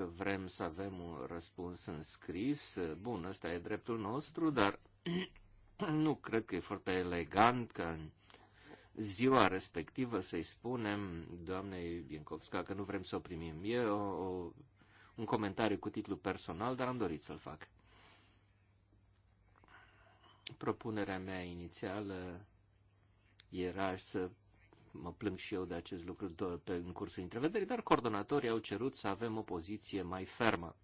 Dacă vrem să avem un răspuns în scris, bun, ăsta e dreptul nostru, dar nu cred că e foarte elegant că în ziua respectivă să-i spunem doamnei Biencovska că nu vrem să o primim. E o, o, un comentariu cu titlu personal, dar am dorit să-l fac. Propunerea mea inițială era să mă plâng și eu de acest lucru pe, în cursul întrevederii, dar coordonatorii au cerut să avem o poziție mai fermă.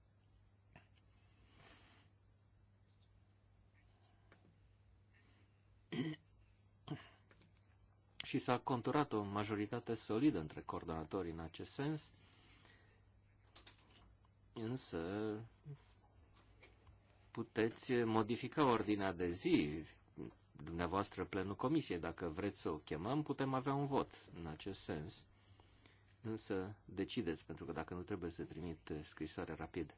și s-a conturat o majoritate solidă între coordonatorii în acest sens, însă puteți modifica ordinea de zi dumneavoastră plenul comisiei. Dacă vreți să o chemăm, putem avea un vot în acest sens. Însă decideți, pentru că dacă nu trebuie să trimit scrisoare rapid.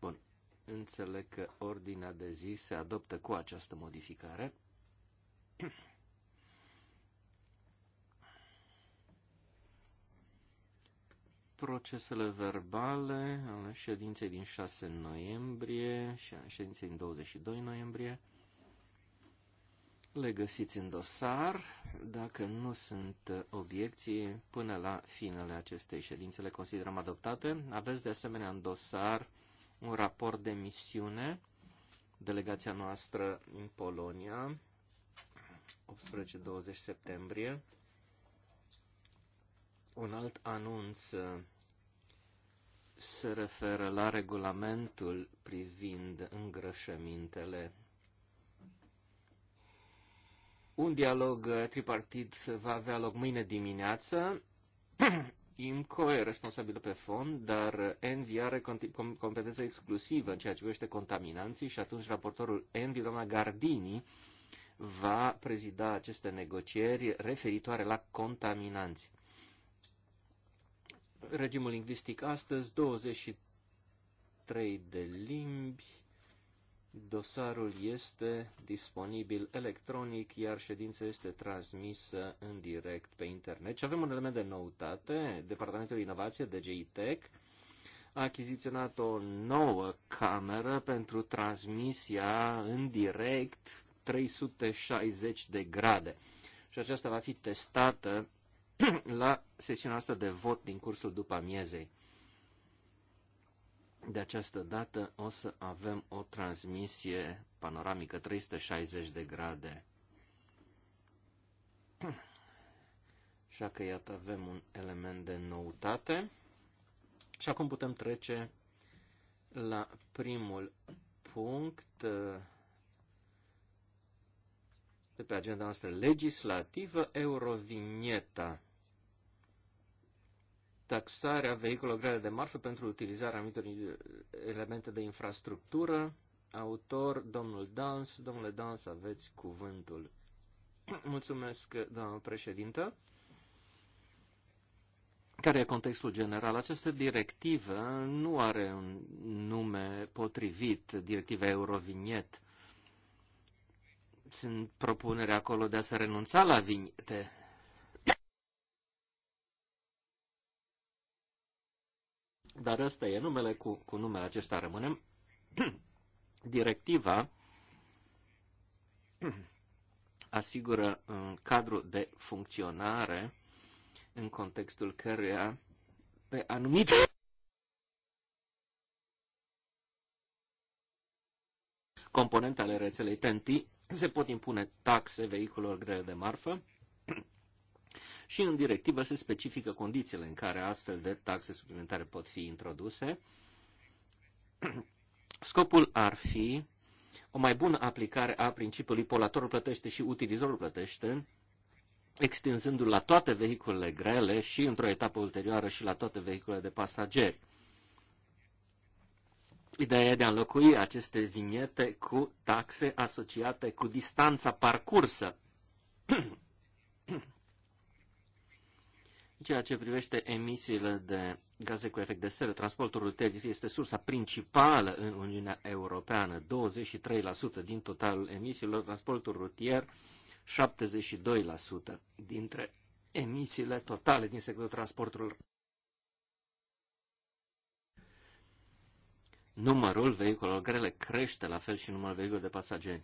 Bun. Înțeleg că ordinea de zi se adoptă cu această modificare. procesele verbale ale ședinței din 6 noiembrie și ședinței din 22 noiembrie le găsiți în dosar. Dacă nu sunt obiecții, până la finele acestei ședințe le considerăm adoptate. Aveți de asemenea în dosar un raport de misiune, delegația noastră în Polonia, 18-20 septembrie. Un alt anunț se referă la regulamentul privind îngrășămintele un dialog uh, tripartit va avea loc mâine dimineață. IMCO e responsabilă pe fond, dar ENVI are competență exclusivă în ceea ce privește contaminanții și atunci raportorul ENVI, doamna Gardini, va prezida aceste negocieri referitoare la contaminanți. Regimul lingvistic astăzi, 23 de limbi, Dosarul este disponibil electronic, iar ședința este transmisă în direct pe internet. Și avem un element de noutate. Departamentul Inovație, DGI Tech, a achiziționat o nouă cameră pentru transmisia în direct 360 de grade. Și aceasta va fi testată la sesiunea asta de vot din cursul după amiezei. De această dată o să avem o transmisie panoramică 360 de grade. Așa că iată avem un element de noutate. Și acum putem trece la primul punct eh, de pe agenda noastră legislativă, Eurovinieta taxarea vehiculelor grele de marfă pentru utilizarea anumitor eh, elemente de infrastructură. Autor, domnul Dans. Domnule Dans, aveți cuvântul. Mulțumesc, doamnă președintă. Care e contextul general? Această directivă nu are un nume potrivit, directiva Eurovignet. Sunt propunere acolo de a se renunța la vignete, Dar ăsta e numele, cu, cu numele acesta rămânem. Directiva asigură un uh, cadru de funcționare în contextul căruia pe anumite componente ale rețelei TNT se pot impune taxe vehiculor grele de marfă și în directivă se specifică condițiile în care astfel de taxe suplimentare pot fi introduse. Scopul ar fi o mai bună aplicare a principiului polatorul plătește și utilizorul plătește, extinzându-l la toate vehiculele grele și într-o etapă ulterioară și la toate vehiculele de pasageri. Ideea e de a înlocui aceste vinete cu taxe asociate cu distanța parcursă. În ceea ce privește emisiile de gaze cu efect de seră, transportul rutier este sursa principală în Uniunea Europeană, 23% din totalul emisiilor, transportul rutier 72% dintre emisiile totale din sectorul transportului. Numărul vehiculelor grele crește, la fel și numărul vehiculelor de pasageri.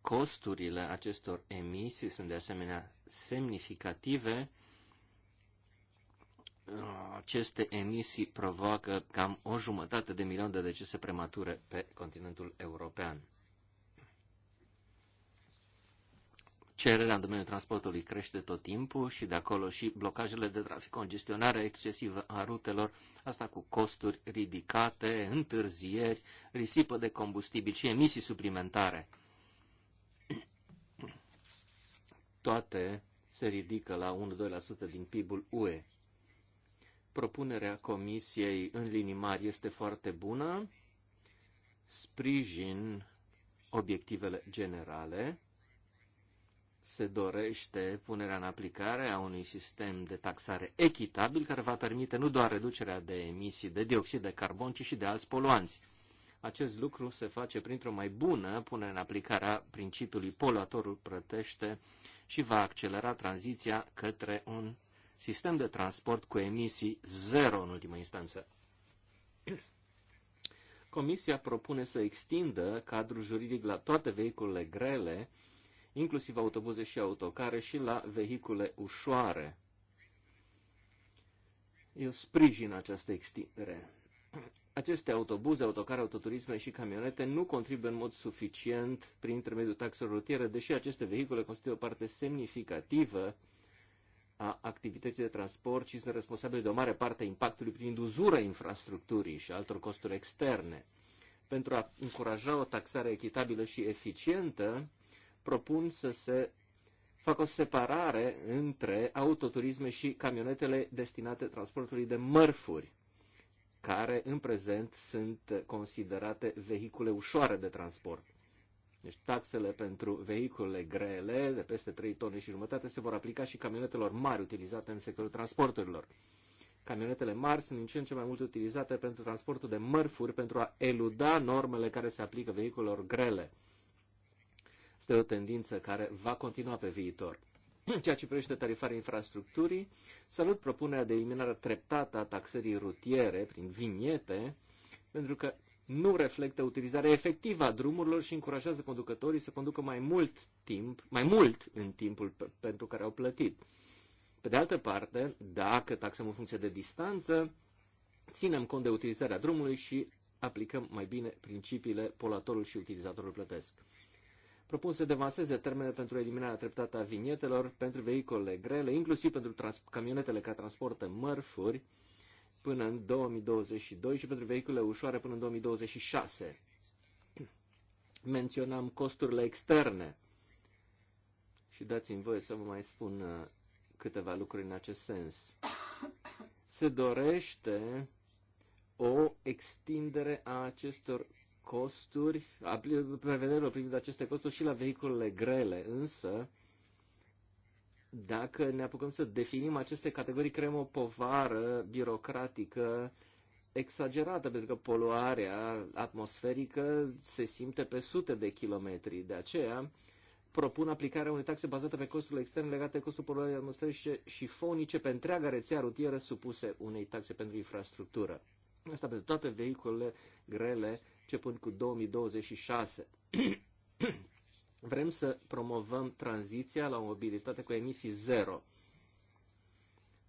Costurile acestor emisii sunt de asemenea semnificative aceste emisii provoacă cam o jumătate de milion de decese premature pe continentul european. Cererea în domeniul transportului crește tot timpul și de acolo și blocajele de trafic, congestionarea excesivă a rutelor, asta cu costuri ridicate, întârzieri, risipă de combustibil și emisii suplimentare. Toate se ridică la 1-2% din PIB-ul UE. Propunerea comisiei în linii mari este foarte bună, sprijin obiectivele generale, se dorește punerea în aplicare a unui sistem de taxare echitabil care va permite nu doar reducerea de emisii de dioxid de carbon, ci și de alți poluanți. Acest lucru se face printr-o mai bună punere în aplicare a principiului poluatorul plătește și va accelera tranziția către un sistem de transport cu emisii zero în ultimă instanță. Comisia propune să extindă cadrul juridic la toate vehiculele grele, inclusiv autobuze și autocare, și la vehicule ușoare. Eu sprijin această extindere. Aceste autobuze, autocare, autoturisme și camionete nu contribuie în mod suficient prin intermediul taxelor rutiere, deși aceste vehicule constituie o parte semnificativă a activității de transport ci sunt responsabile de o mare parte a impactului prin uzura infrastructurii și altor costuri externe. Pentru a încuraja o taxare echitabilă și eficientă, propun să se facă o separare între autoturisme și camionetele destinate transportului de mărfuri, care în prezent sunt considerate vehicule ușoare de transport. Deci taxele pentru vehicule grele de peste 3 tone și jumătate se vor aplica și camionetelor mari utilizate în sectorul transporturilor. Camionetele mari sunt din ce în ce mai mult utilizate pentru transportul de mărfuri pentru a eluda normele care se aplică vehiculelor grele. Este o tendință care va continua pe viitor. În ceea ce privește tarifarea infrastructurii, salut propunerea de eliminare treptată a taxării rutiere prin viniete, pentru că nu reflectă utilizarea efectivă a drumurilor și încurajează conducătorii să conducă mai mult timp, mai mult în timpul pe, pentru care au plătit. Pe de altă parte, dacă taxăm în funcție de distanță, ținem cont de utilizarea drumului și aplicăm mai bine principiile polatorul și utilizatorul plătesc. Propun să devanseze termene pentru eliminarea treptată a vinietelor pentru vehicolele grele, inclusiv pentru camionetele care transportă mărfuri, până în 2022 și pentru vehicule ușoare până în 2026. Menționam costurile externe și dați-mi voie să vă mai spun uh, câteva lucruri în acest sens. Se dorește o extindere a acestor costuri, a prevederilor privind aceste costuri și la vehiculele grele, însă dacă ne apucăm să definim aceste categorii, creăm o povară birocratică exagerată, pentru că poluarea atmosferică se simte pe sute de kilometri. De aceea, propun aplicarea unei taxe bazate pe costurile externe legate de costul poluării atmosferice și fonice pe întreaga rețea rutieră supuse unei taxe pentru infrastructură. Asta pentru toate vehiculele grele, începând cu 2026. Vrem să promovăm tranziția la o mobilitate cu emisii zero.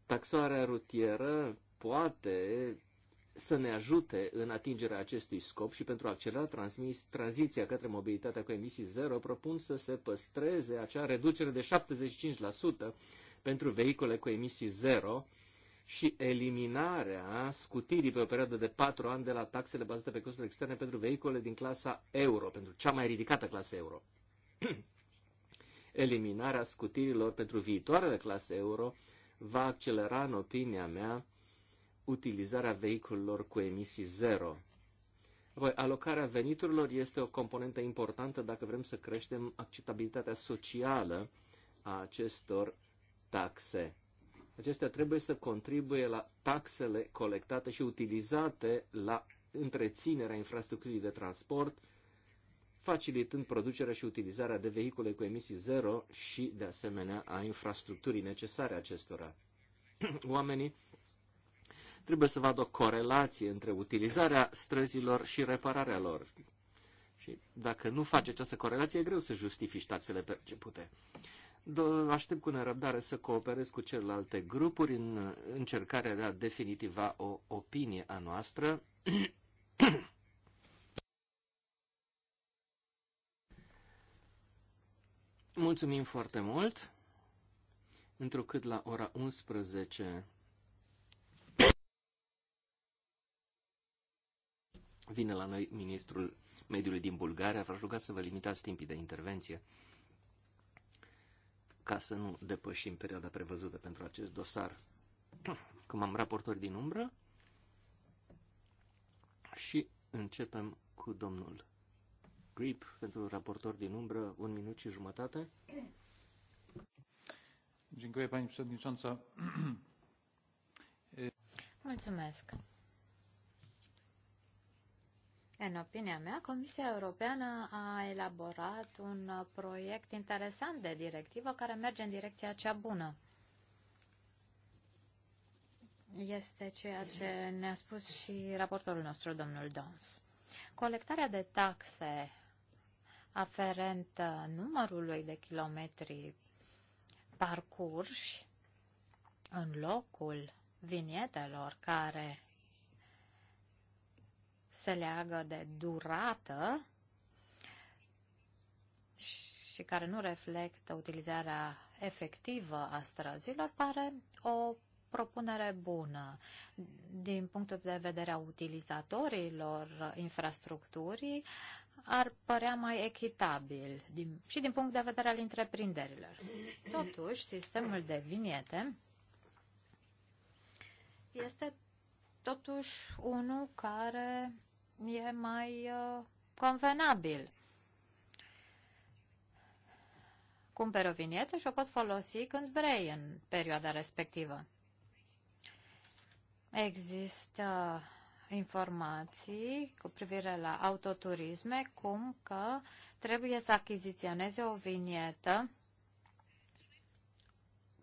Taxarea rutieră poate să ne ajute în atingerea acestui scop și pentru a accelera transmis, tranziția către mobilitatea cu emisii zero, propun să se păstreze acea reducere de 75% pentru vehicule cu emisii zero și eliminarea scutirii pe o perioadă de 4 ani de la taxele bazate pe costuri externe pentru vehicule din clasa euro, pentru cea mai ridicată clasă euro. Eliminarea scutirilor pentru viitoarele clase euro va accelera, în opinia mea, utilizarea vehiculelor cu emisii zero. Apoi, alocarea veniturilor este o componentă importantă dacă vrem să creștem acceptabilitatea socială a acestor taxe. Acestea trebuie să contribuie la taxele colectate și utilizate la întreținerea infrastructurii de transport, facilitând producerea și utilizarea de vehicule cu emisii zero și, de asemenea, a infrastructurii necesare acestora. Oamenii trebuie să vadă o corelație între utilizarea străzilor și repararea lor. Și dacă nu faci această corelație, e greu să justifici taxele percepute. Aștept cu nerăbdare să cooperez cu celelalte grupuri în încercarea de a definitiva o opinie a noastră Mulțumim foarte mult, întrucât la ora 11 vine la noi ministrul mediului din Bulgaria, v-aș ruga să vă limitați timpii de intervenție ca să nu depășim perioada prevăzută pentru acest dosar. Cum am raportori din umbră și începem cu domnul Grip pentru raportor din umbră, un minut și jumătate. Dziękuję Pani Przewodnicząca. Mulțumesc. În opinia mea, Comisia Europeană a elaborat un proiect interesant de directivă care merge în direcția cea bună. Este ceea ce ne-a spus și raportorul nostru, domnul Dons. Colectarea de taxe aferent uh, numărului de kilometri parcurși în locul vinietelor care se leagă de durată și care nu reflectă utilizarea efectivă a străzilor, pare o propunere bună. Din punctul de vedere a utilizatorilor infrastructurii, ar părea mai echitabil din, și din punct de vedere al întreprinderilor. Totuși, sistemul de viniete este totuși unul care e mai uh, convenabil. Cumperi o vinietă și o poți folosi când vrei în perioada respectivă. Există informații cu privire la autoturisme, cum că trebuie să achiziționeze o vinietă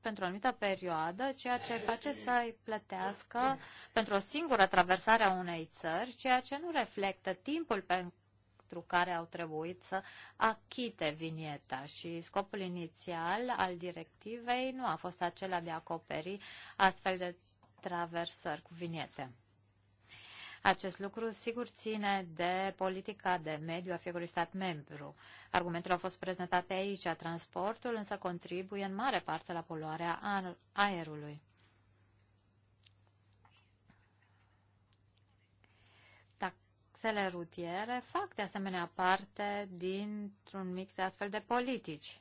pentru o anumită perioadă, ceea ce face să i plătească pentru o singură traversare a unei țări, ceea ce nu reflectă timpul pentru care au trebuit să achite vinieta și scopul inițial al directivei nu a fost acela de a acoperi astfel de traversări cu viniete. Acest lucru sigur ține de politica de mediu a fiecărui stat membru. Argumentele au fost prezentate aici. Transportul însă contribuie în mare parte la poluarea aerului. Taxele rutiere fac de asemenea parte dintr-un mix de astfel de politici.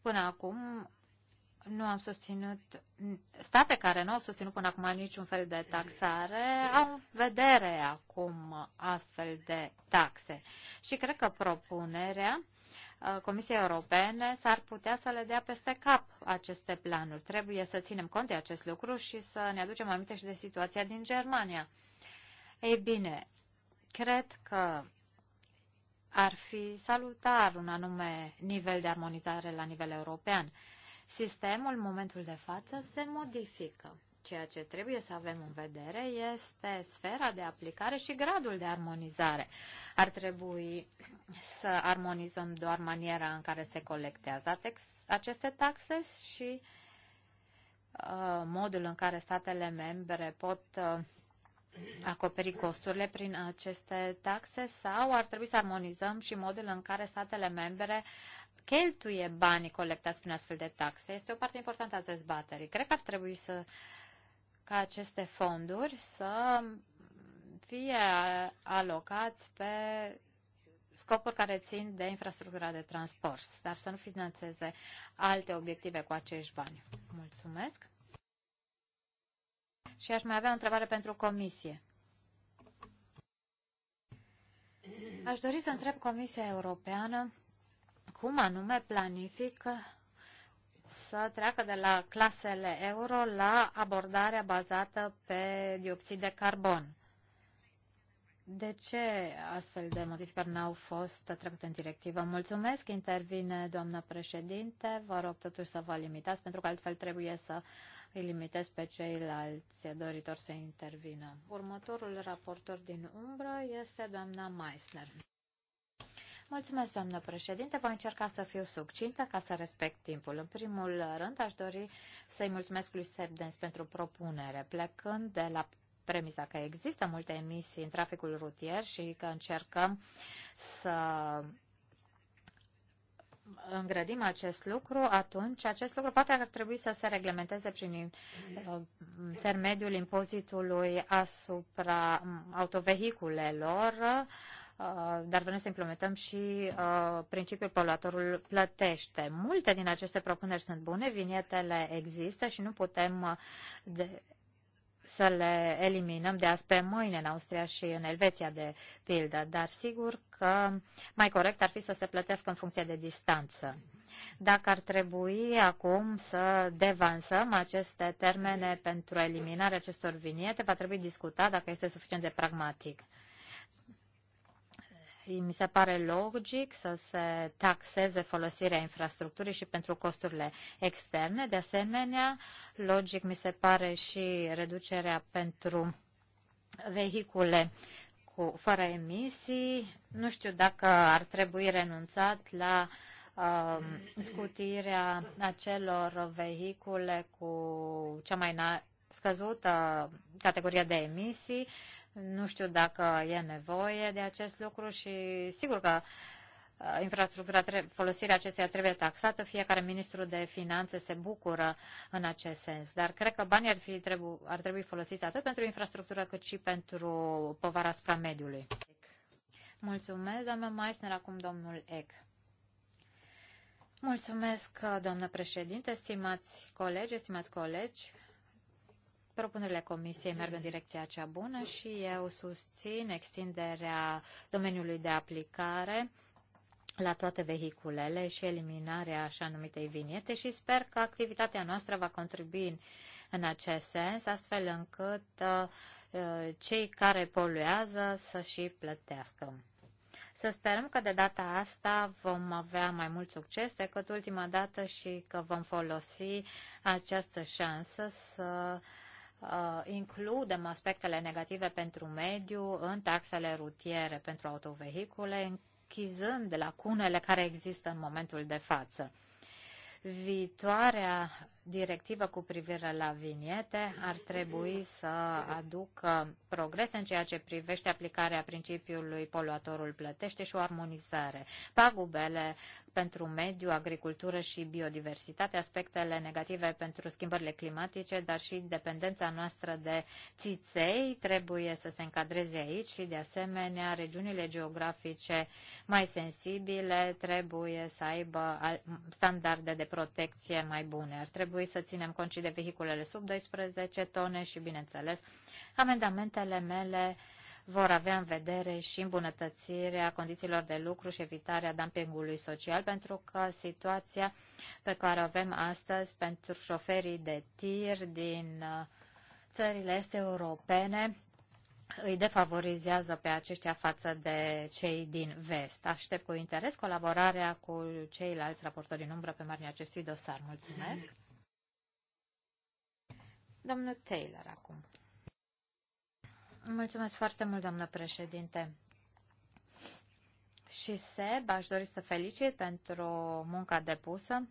Până acum nu am susținut, state care nu au susținut până acum niciun fel de taxare, au în vedere acum astfel de taxe. Și cred că propunerea uh, Comisiei Europene s-ar putea să le dea peste cap aceste planuri. Trebuie să ținem cont de acest lucru și să ne aducem aminte și de situația din Germania. Ei bine, cred că ar fi salutar un anume nivel de armonizare la nivel european. Sistemul, în momentul de față, se modifică. Ceea ce trebuie să avem în vedere este sfera de aplicare și gradul de armonizare. Ar trebui să armonizăm doar maniera în care se colectează aceste taxe și uh, modul în care statele membre pot uh, acoperi costurile prin aceste taxe sau ar trebui să armonizăm și modul în care statele membre cheltuie banii colectați prin astfel de taxe. Este o parte importantă a dezbaterii. Cred că ar trebui să ca aceste fonduri să fie alocați pe scopuri care țin de infrastructura de transport, dar să nu finanțeze alte obiective cu acești bani. Mulțumesc. Și aș mai avea o întrebare pentru Comisie. Aș dori să întreb Comisia Europeană cum anume planifică să treacă de la clasele euro la abordarea bazată pe dioxid de carbon. De ce astfel de modificări n-au fost trecute în directivă? Mulțumesc, intervine doamna președinte. Vă rog totuși să vă limitați, pentru că altfel trebuie să îi limitez pe ceilalți doritori să intervină. Următorul raportor din umbră este doamna Meissner. Mulțumesc, doamnă președinte. Voi încerca să fiu succintă ca să respect timpul. În primul rând, aș dori să-i mulțumesc lui Sebdens pentru propunere, plecând de la premisa că există multe emisii în traficul rutier și că încercăm să îngrădim acest lucru, atunci acest lucru poate ar trebui să se reglementeze prin uh, intermediul impozitului asupra autovehiculelor Uh, dar vrem să implementăm și uh, principiul poluatorul plătește. Multe din aceste propuneri sunt bune, vinietele există și nu putem uh, de, să le eliminăm de azi pe mâine în Austria și în Elveția, de pildă, dar sigur că mai corect ar fi să se plătească în funcție de distanță. Dacă ar trebui acum să devansăm aceste termene pentru eliminarea acestor viniete, va trebui discutat dacă este suficient de pragmatic mi se pare logic să se taxeze folosirea infrastructurii și pentru costurile externe. De asemenea, logic mi se pare și reducerea pentru vehicule cu, fără emisii. Nu știu dacă ar trebui renunțat la uh, scutirea acelor vehicule cu cea mai scăzută categorie de emisii nu știu dacă e nevoie de acest lucru și sigur că uh, infrastructura, folosirea acesteia trebuie taxată, fiecare ministru de finanțe se bucură în acest sens. Dar cred că banii ar, fi, trebu, ar trebui folosiți atât pentru infrastructură cât și pentru povara asupra mediului. Mulțumesc, doamna Meissner, acum domnul Eck. Mulțumesc, doamnă președinte, stimați colegi, stimați colegi. Propunerile Comisiei merg în direcția cea bună și eu susțin extinderea domeniului de aplicare la toate vehiculele și eliminarea așa numitei viniete și sper că activitatea noastră va contribui în, acest sens, astfel încât uh, cei care poluează să și plătească. Să sperăm că de data asta vom avea mai mult succes decât ultima dată și că vom folosi această șansă să uh, Uh, includem aspectele negative pentru mediu în taxele rutiere pentru autovehicule, închizând lacunele care există în momentul de față. Viitoarea directivă cu privire la viniete ar trebui să aducă progrese în ceea ce privește aplicarea principiului poluatorul plătește și o armonizare. Pagubele pentru mediu, agricultură și biodiversitate, aspectele negative pentru schimbările climatice, dar și dependența noastră de țiței trebuie să se încadreze aici și, de asemenea, regiunile geografice mai sensibile trebuie să aibă standarde de protecție mai bune. Ar trebui să ținem cont și de vehiculele sub 12 tone și, bineînțeles, amendamentele mele vor avea în vedere și îmbunătățirea condițiilor de lucru și evitarea dumpingului social, pentru că situația pe care o avem astăzi pentru șoferii de tir din uh, țările este europene îi defavorizează pe aceștia față de cei din vest. Aștept cu interes colaborarea cu ceilalți raportori din umbră pe marginea acestui dosar. Mulțumesc! Domnul Taylor acum. Mulțumesc foarte mult, doamnă președinte. Și Seb, aș dori să felicit pentru munca depusă.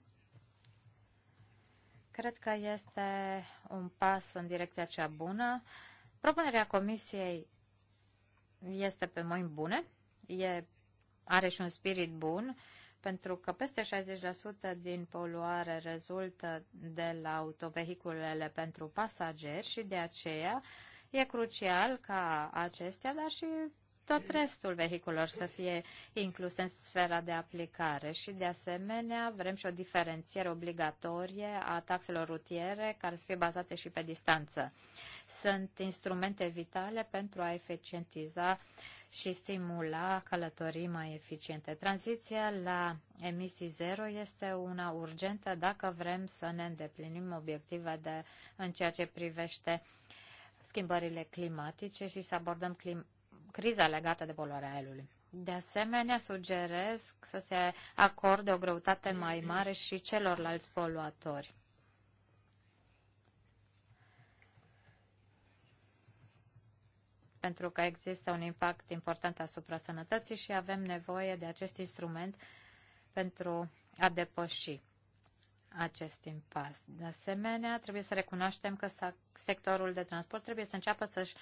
Cred că este un pas în direcția cea bună. Propunerea comisiei este pe mâini bune, e, are și un spirit bun, pentru că peste 60% din poluare rezultă de la autovehiculele pentru pasageri și de aceea E crucial ca acestea, dar și tot restul vehiculor să fie incluse în sfera de aplicare și, de asemenea, vrem și o diferențiere obligatorie a taxelor rutiere care să fie bazate și pe distanță. Sunt instrumente vitale pentru a eficientiza și stimula călătorii mai eficiente. Tranziția la emisii zero este una urgentă dacă vrem să ne îndeplinim obiective de, în ceea ce privește uh, schimbările climatice și să abordăm clim- criza legată de poluarea aerului. De asemenea, sugerez să se acorde o greutate mai mare și celorlalți poluatori. Pentru că există un impact important asupra sănătății și avem nevoie de acest instrument pentru a depăși acest impas. De asemenea, trebuie să recunoaștem că sectorul de transport trebuie să înceapă să-și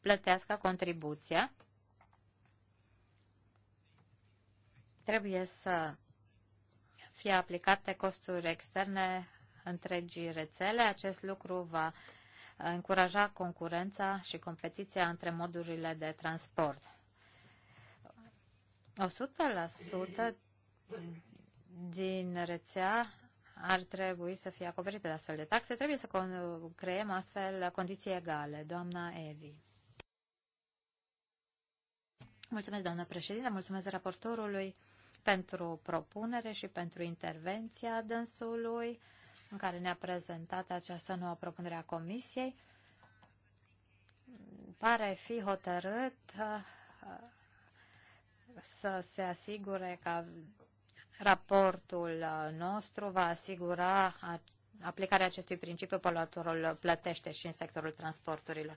plătească contribuția. Trebuie să fie aplicate costuri externe întregii rețele. Acest lucru va încuraja concurența și competiția între modurile de transport. 100% din rețea ar trebui să fie acoperite de astfel de taxe, trebuie să creăm astfel condiții egale. Doamna Evi. Mulțumesc, doamnă președinte, mulțumesc raportorului pentru propunere și pentru intervenția dânsului în care ne-a prezentat această nouă propunere a Comisiei. Pare fi hotărât uh, să se asigure ca Raportul uh, nostru va asigura aplicarea acestui principiu poluatorul plătește și în sectorul transporturilor.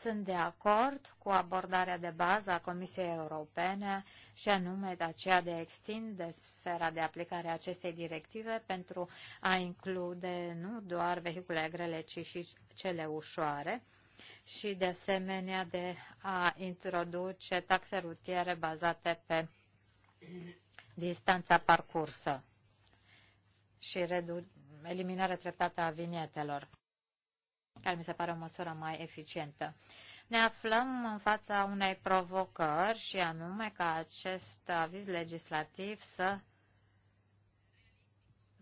Sunt de acord cu abordarea de bază a Comisiei Europene și anume aceea de a extinde sfera de aplicare a acestei directive pentru a include nu doar vehicule grele, ci și cele ușoare și de asemenea de a introduce taxe rutiere bazate pe distanța parcursă și eliminarea treptată a vinietelor, care mi se pare o măsură mai eficientă. Ne aflăm în fața unei provocări și anume ca acest aviz legislativ să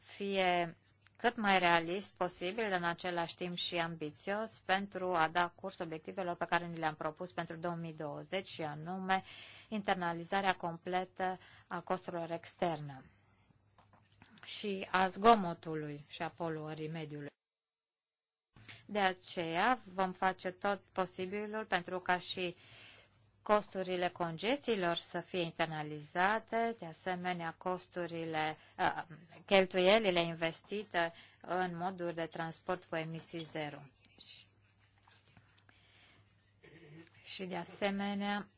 fie cât mai realist posibil, în același timp și ambițios, pentru a da curs obiectivelor pe care ni le-am propus pentru 2020 și anume uh, internalizarea completă a costurilor externe și a zgomotului și a poluării mediului. De aceea vom face tot posibilul pentru ca și costurile congestiilor să fie internalizate, de asemenea costurile, cheltuielile investite în moduri de transport cu emisii zero. Și de asemenea,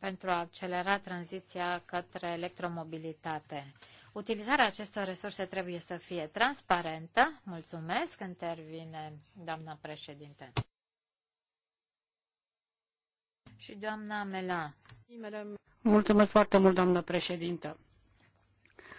pentru a accelera tranziția către electromobilitate. Utilizarea acestor resurse trebuie să fie transparentă. Mulțumesc, intervine doamna președinte. Și doamna Mela. Mulțumesc foarte mult, doamnă președintă.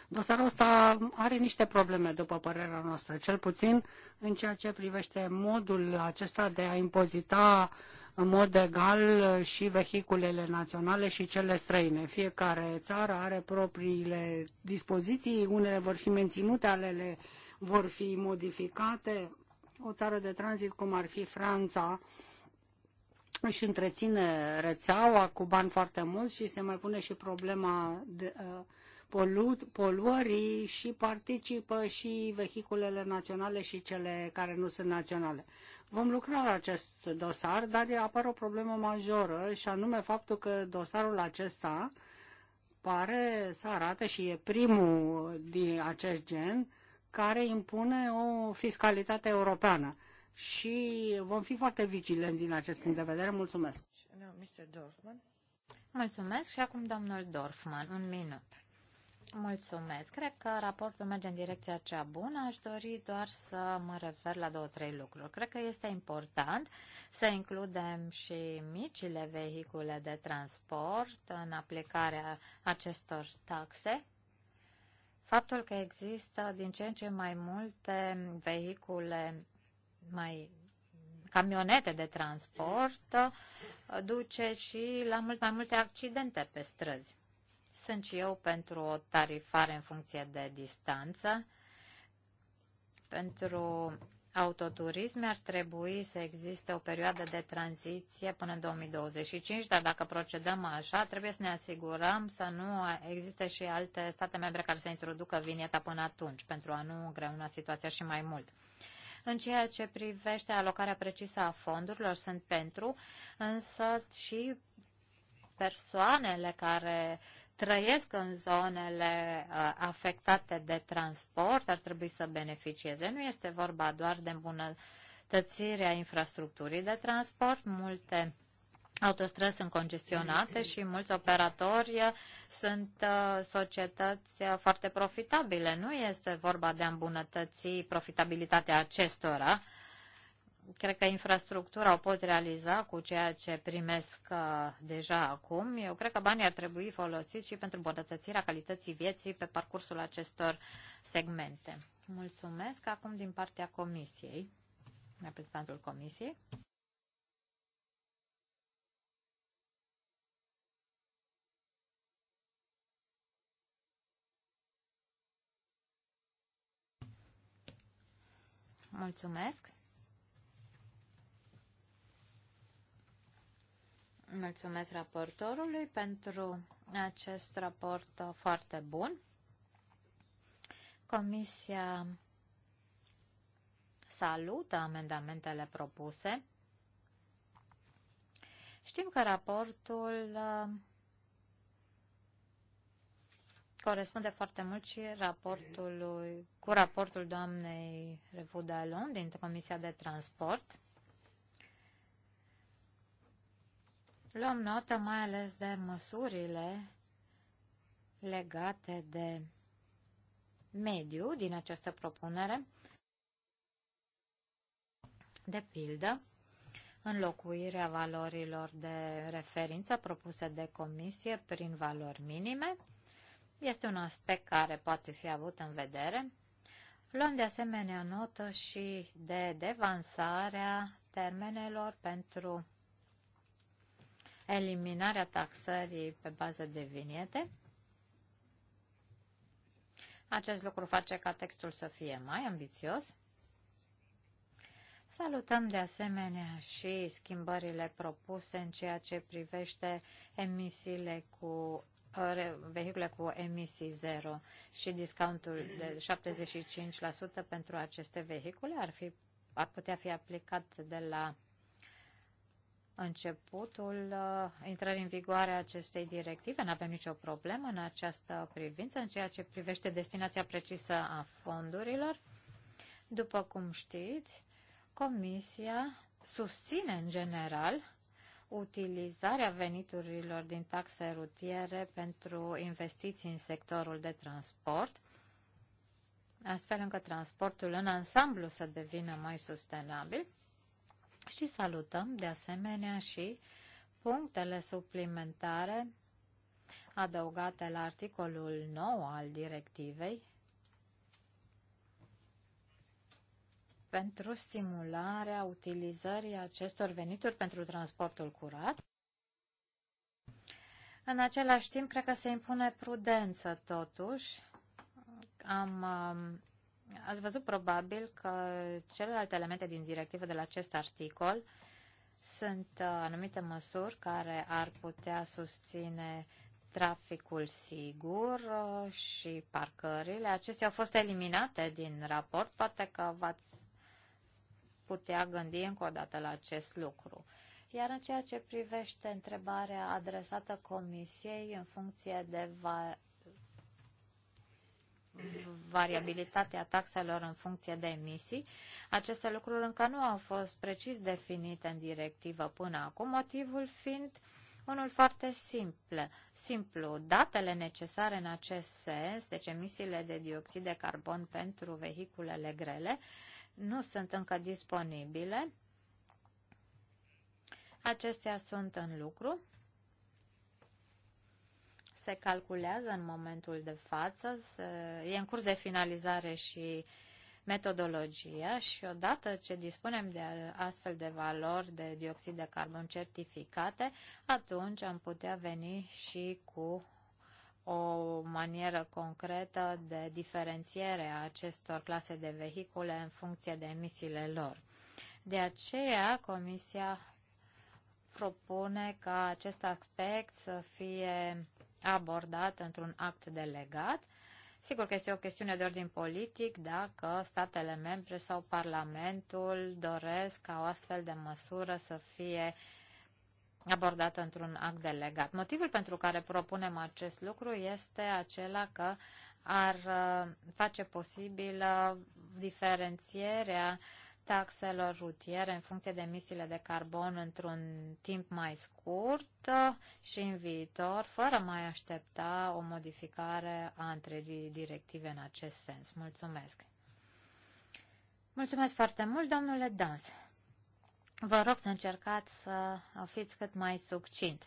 Dosarul ăsta are niște probleme, după părerea noastră, cel puțin în ceea ce privește modul acesta de a impozita uh, în mod egal și vehiculele naționale și cele străine. Fiecare țară are propriile dispoziții, unele vor fi menținute, alele vor fi modificate. O țară de tranzit cum ar fi Franța își întreține rețeaua cu bani foarte mulți și se mai pune și problema de, uh, polu poluării și participă și vehiculele naționale și cele care nu sunt naționale. Vom lucra la acest dosar, dar apare o problemă majoră și anume faptul că dosarul acesta pare să arate și e primul din acest gen care impune o fiscalitate europeană. Și vom fi foarte vigilenți din acest punct de vedere. Mulțumesc! Mulțumesc și acum domnul Dorfman, un minut. Mulțumesc. Cred că raportul merge în direcția cea bună. Aș dori doar să mă refer la două, trei lucruri. Cred că este important să includem și micile vehicule de transport în aplicarea acestor taxe. Faptul că există din ce în ce mai multe vehicule mai camionete de transport duce și la mult mai multe accidente pe străzi sunt și eu pentru o tarifare în funcție de distanță. Pentru autoturisme ar trebui să existe o perioadă de tranziție până în 2025, dar dacă procedăm așa, trebuie să ne asigurăm să nu existe și alte state membre care să introducă vinieta până atunci, pentru a nu îngreuna situația și mai mult. În ceea ce privește alocarea precisă a fondurilor, sunt pentru, însă și persoanele care uh, trăiesc în zonele uh, afectate de transport ar trebui să beneficieze. Nu este vorba doar de îmbunătățirea infrastructurii de transport. Multe autostrăzi sunt congestionate și mulți operatori uh, sunt uh, societăți foarte profitabile. Nu este vorba de a îmbunătăți profitabilitatea acestora, cred că infrastructura o pot realiza cu ceea ce primesc uh, deja acum. Eu cred că banii ar trebui folosiți și pentru îmbunătățirea calității vieții pe parcursul acestor segmente. Mulțumesc. Acum din partea Comisiei, reprezentantul Comisiei. Mulțumesc. Mulțumesc raportorului pentru acest raport foarte bun. Comisia salută amendamentele propuse. Știm că raportul uh, corespunde foarte mult și raportului, cu raportul doamnei Revudalon din Comisia de Transport. Luăm notă mai ales de măsurile legate de mediu din această propunere. De pildă, înlocuirea valorilor de referință propuse de comisie prin valori minime este un aspect care poate fi avut în vedere. Luăm de asemenea notă și de devansarea termenelor pentru eliminarea taxării pe bază de viniete. Acest lucru face ca textul să fie mai ambițios. Salutăm de asemenea și schimbările propuse în ceea ce privește emisiile cu vehicule cu emisii zero și discountul de 75% pentru aceste vehicule ar, fi, ar putea fi aplicat de la începutul uh, intrării în vigoare a acestei directive. Nu avem nicio problemă în această privință, în ceea ce privește destinația precisă a fondurilor. După cum știți, Comisia susține în general utilizarea veniturilor din taxe rutiere pentru investiții în sectorul de transport, astfel încât transportul în ansamblu să devină mai sustenabil. Și salutăm de asemenea și punctele suplimentare adăugate la articolul 9 al directivei pentru stimularea utilizării acestor venituri pentru transportul curat. În același timp, cred că se impune prudență totuși. Am um, Ați văzut probabil că celelalte elemente din directivă de la acest articol sunt uh, anumite măsuri care ar putea susține traficul sigur uh, și parcările. Acestea au fost eliminate din raport. Poate că v-ați putea gândi încă o dată la acest lucru. Iar în ceea ce privește întrebarea adresată Comisiei în funcție de va- variabilitatea taxelor în funcție de emisii. Aceste lucruri încă nu au fost precis definite în directivă până acum, motivul fiind unul foarte simple, simplu. Datele necesare în acest sens, deci emisiile de dioxid de carbon pentru vehiculele grele, nu sunt încă disponibile. Acestea sunt în lucru se calculează în momentul de față, se, e în curs de finalizare și metodologia și odată ce dispunem de astfel de valori de dioxid de carbon certificate, atunci am putea veni și cu o manieră concretă de diferențiere a acestor clase de vehicule în funcție de emisiile lor. De aceea, Comisia propune ca acest aspect să fie abordat într-un act delegat. Sigur că este o chestiune de ordin politic dacă statele membre sau Parlamentul doresc ca o astfel de măsură să fie abordată într-un act delegat. Motivul pentru care propunem acest lucru este acela că ar uh, face posibilă diferențierea taxelor rutiere în funcție de emisiile de carbon într-un timp mai scurt uh, și în viitor, fără mai aștepta o modificare a întregii directive în acest sens. Mulțumesc! Mulțumesc foarte mult, domnule Dans! Vă rog să încercați să fiți cât mai succint.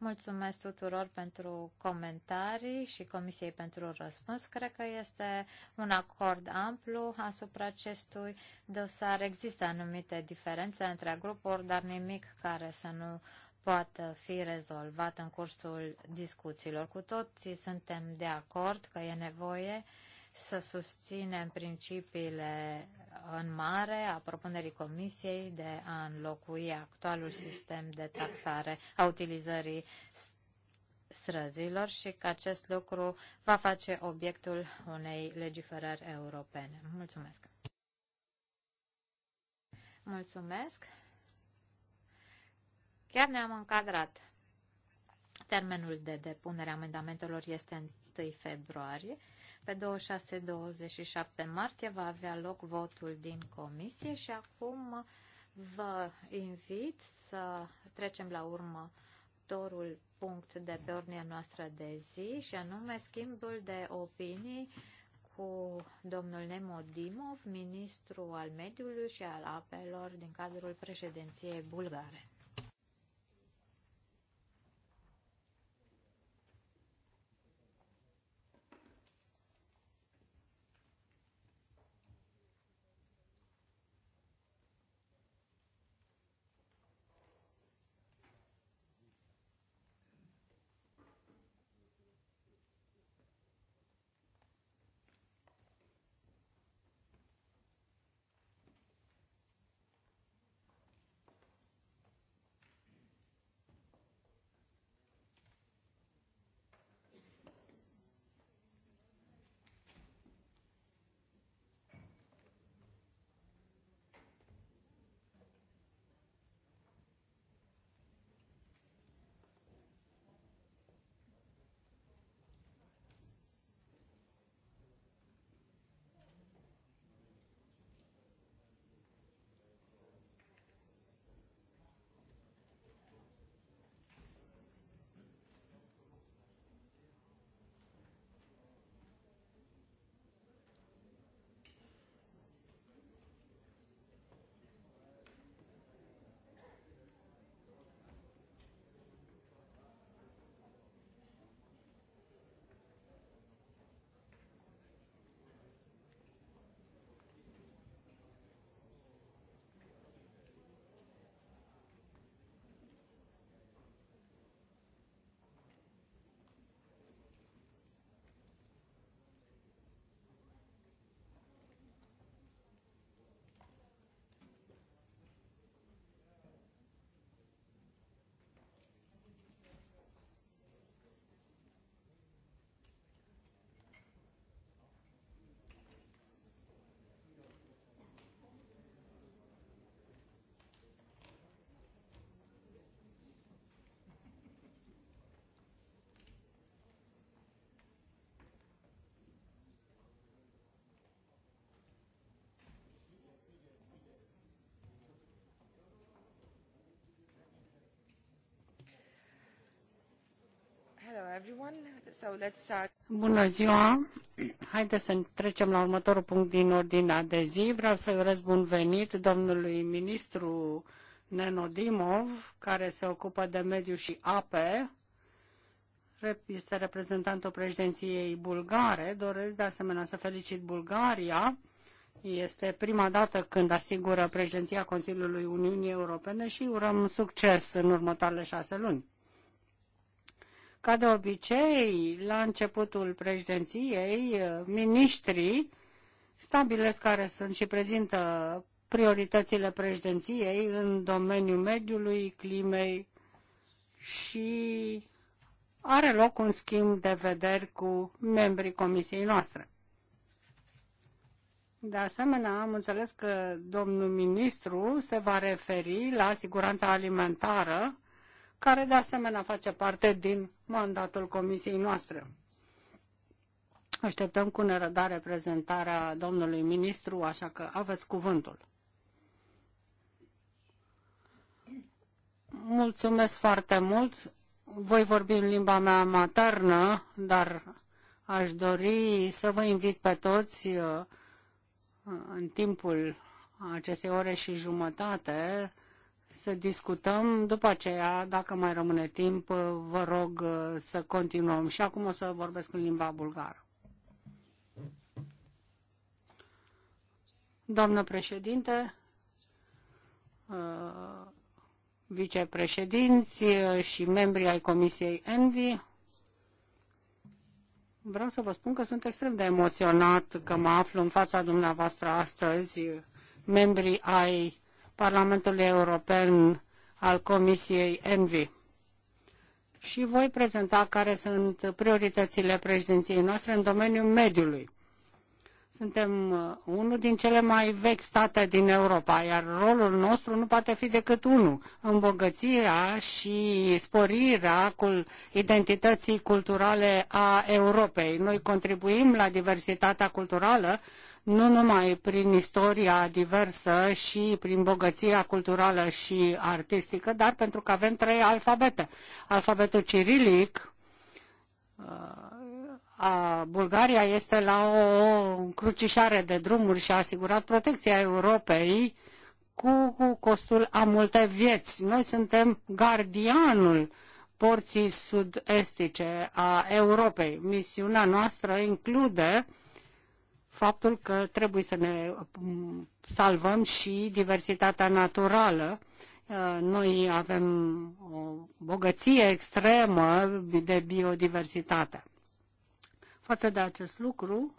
Mulțumesc tuturor pentru comentarii și Comisiei pentru răspuns. Cred că este un acord amplu asupra acestui dosar. Există anumite diferențe între grupuri, dar nimic care să nu poată fi rezolvat în cursul discuțiilor. Cu toții suntem de acord că e nevoie să susținem principiile în mare a propunerii Comisiei de a înlocui actualul sistem de taxare a utilizării străzilor și că acest lucru va face obiectul unei legiferări europene. Mulțumesc! Mulțumesc! Chiar ne-am încadrat. Termenul de depunere a amendamentelor este 1 februarie pe 26-27 martie va avea loc votul din comisie și acum vă invit să trecem la urmă următorul punct de pe ordinea noastră de zi și anume schimbul de opinii cu domnul Nemo Dimov, ministru al mediului și al apelor din cadrul președinției bulgare. Hello everyone. So let's start. Bună ziua! Haideți să trecem la următorul punct din ordinea de zi. Vreau să urez bun venit domnului ministru Nenodimov, care se ocupă de mediu și ape. Este reprezentantul președinției bulgare. Doresc de asemenea să felicit Bulgaria. Este prima dată când asigură președinția Consiliului Uniunii Europene și urăm succes în următoarele șase luni. Ca de obicei, la începutul președinției, ministrii stabilesc care sunt și prezintă prioritățile președinției în domeniul mediului, climei și are loc un schimb de vederi cu membrii comisiei noastre. De asemenea, am înțeles că domnul ministru se va referi la siguranța alimentară care de asemenea face parte din mandatul comisiei noastre. Așteptăm cu nerăbdare prezentarea domnului ministru, așa că aveți cuvântul. Mulțumesc foarte mult. Voi vorbi în limba mea maternă, dar aș dori să vă invit pe toți uh, în timpul acestei ore și jumătate să discutăm. După aceea, dacă mai rămâne timp, vă rog uh, să continuăm. Și acum o să vorbesc în limba bulgară. Doamnă președinte, uh, vicepreședinți uh, și membri ai Comisiei Envi, vreau să vă spun că sunt extrem de emoționat că mă aflu în fața dumneavoastră astăzi, membrii ai Parlamentului European al Comisiei ENVI. Și voi prezenta care sunt prioritățile președinției noastre în domeniul mediului. Suntem uh, unul din cele mai vechi state din Europa, iar rolul nostru nu poate fi decât unul, îmbogățirea și sporirea cu identității culturale a Europei. Noi contribuim la diversitatea culturală nu numai prin istoria diversă și prin bogăția culturală și artistică, dar pentru că avem trei alfabete. Alfabetul cirilic, a Bulgaria este la o crucișare de drumuri și a asigurat protecția Europei cu, cu costul a multe vieți. Noi suntem gardianul porții sud-estice a Europei. Misiunea noastră include faptul că trebuie să ne mm, salvăm și diversitatea naturală. Uh, noi avem o bogăție extremă de biodiversitate. Față de acest lucru,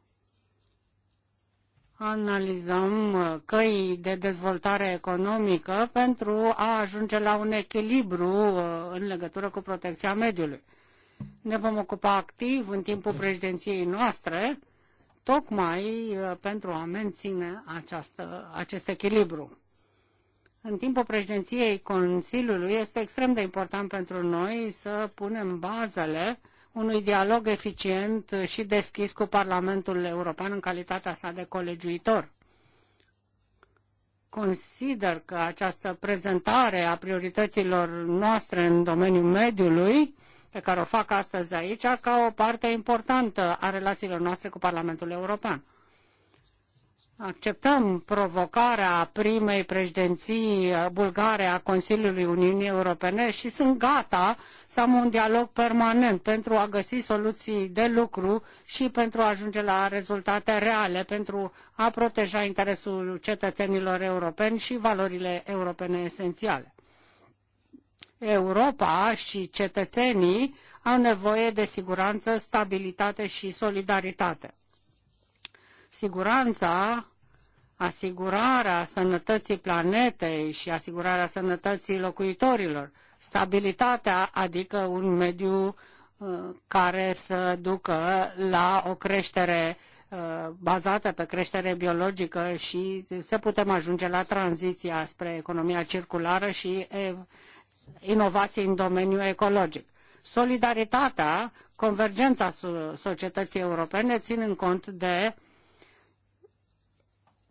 analizăm uh, căi de dezvoltare economică pentru a ajunge la un echilibru uh, în legătură cu protecția mediului. Ne vom ocupa activ în timpul președinției noastre tocmai uh, pentru a menține această, acest echilibru. În timpul președinției Consiliului este extrem de important pentru noi să punem bazele unui dialog eficient și deschis cu Parlamentul European în calitatea sa de colegiuitor. Consider că această prezentare a priorităților noastre în domeniul mediului pe care o fac astăzi aici ca o parte importantă a relațiilor noastre cu Parlamentul European. Acceptăm provocarea primei președinții bulgare a Consiliului Uniunii Europene și sunt gata să am un dialog permanent pentru a găsi soluții de lucru și pentru a ajunge la rezultate reale, pentru a proteja interesul cetățenilor europeni și valorile europene esențiale. Europa și cetățenii au nevoie de siguranță, stabilitate și solidaritate. Siguranța, asigurarea sănătății planetei și asigurarea sănătății locuitorilor, stabilitatea, adică un mediu uh, care să ducă la o creștere uh, bazată pe creștere biologică și să putem ajunge la tranziția spre economia circulară și inovații în domeniul ecologic. Solidaritatea, convergența societății europene, ținând cont de,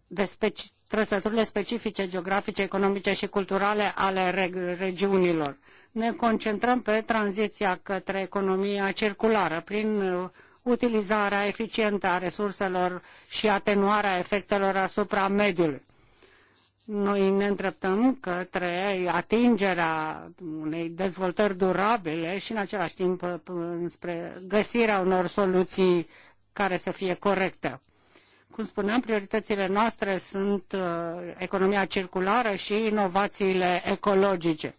de speci, trăsăturile specifice geografice, economice și culturale ale reg- regiunilor. Ne concentrăm pe tranziția către economia circulară prin uh, utilizarea eficientă a resurselor și atenuarea efectelor asupra mediului noi ne îndreptăm către atingerea unei dezvoltări durabile și în același timp spre găsirea unor soluții care să fie corecte. Cum spuneam, prioritățile noastre sunt uh, economia circulară și inovațiile ecologice.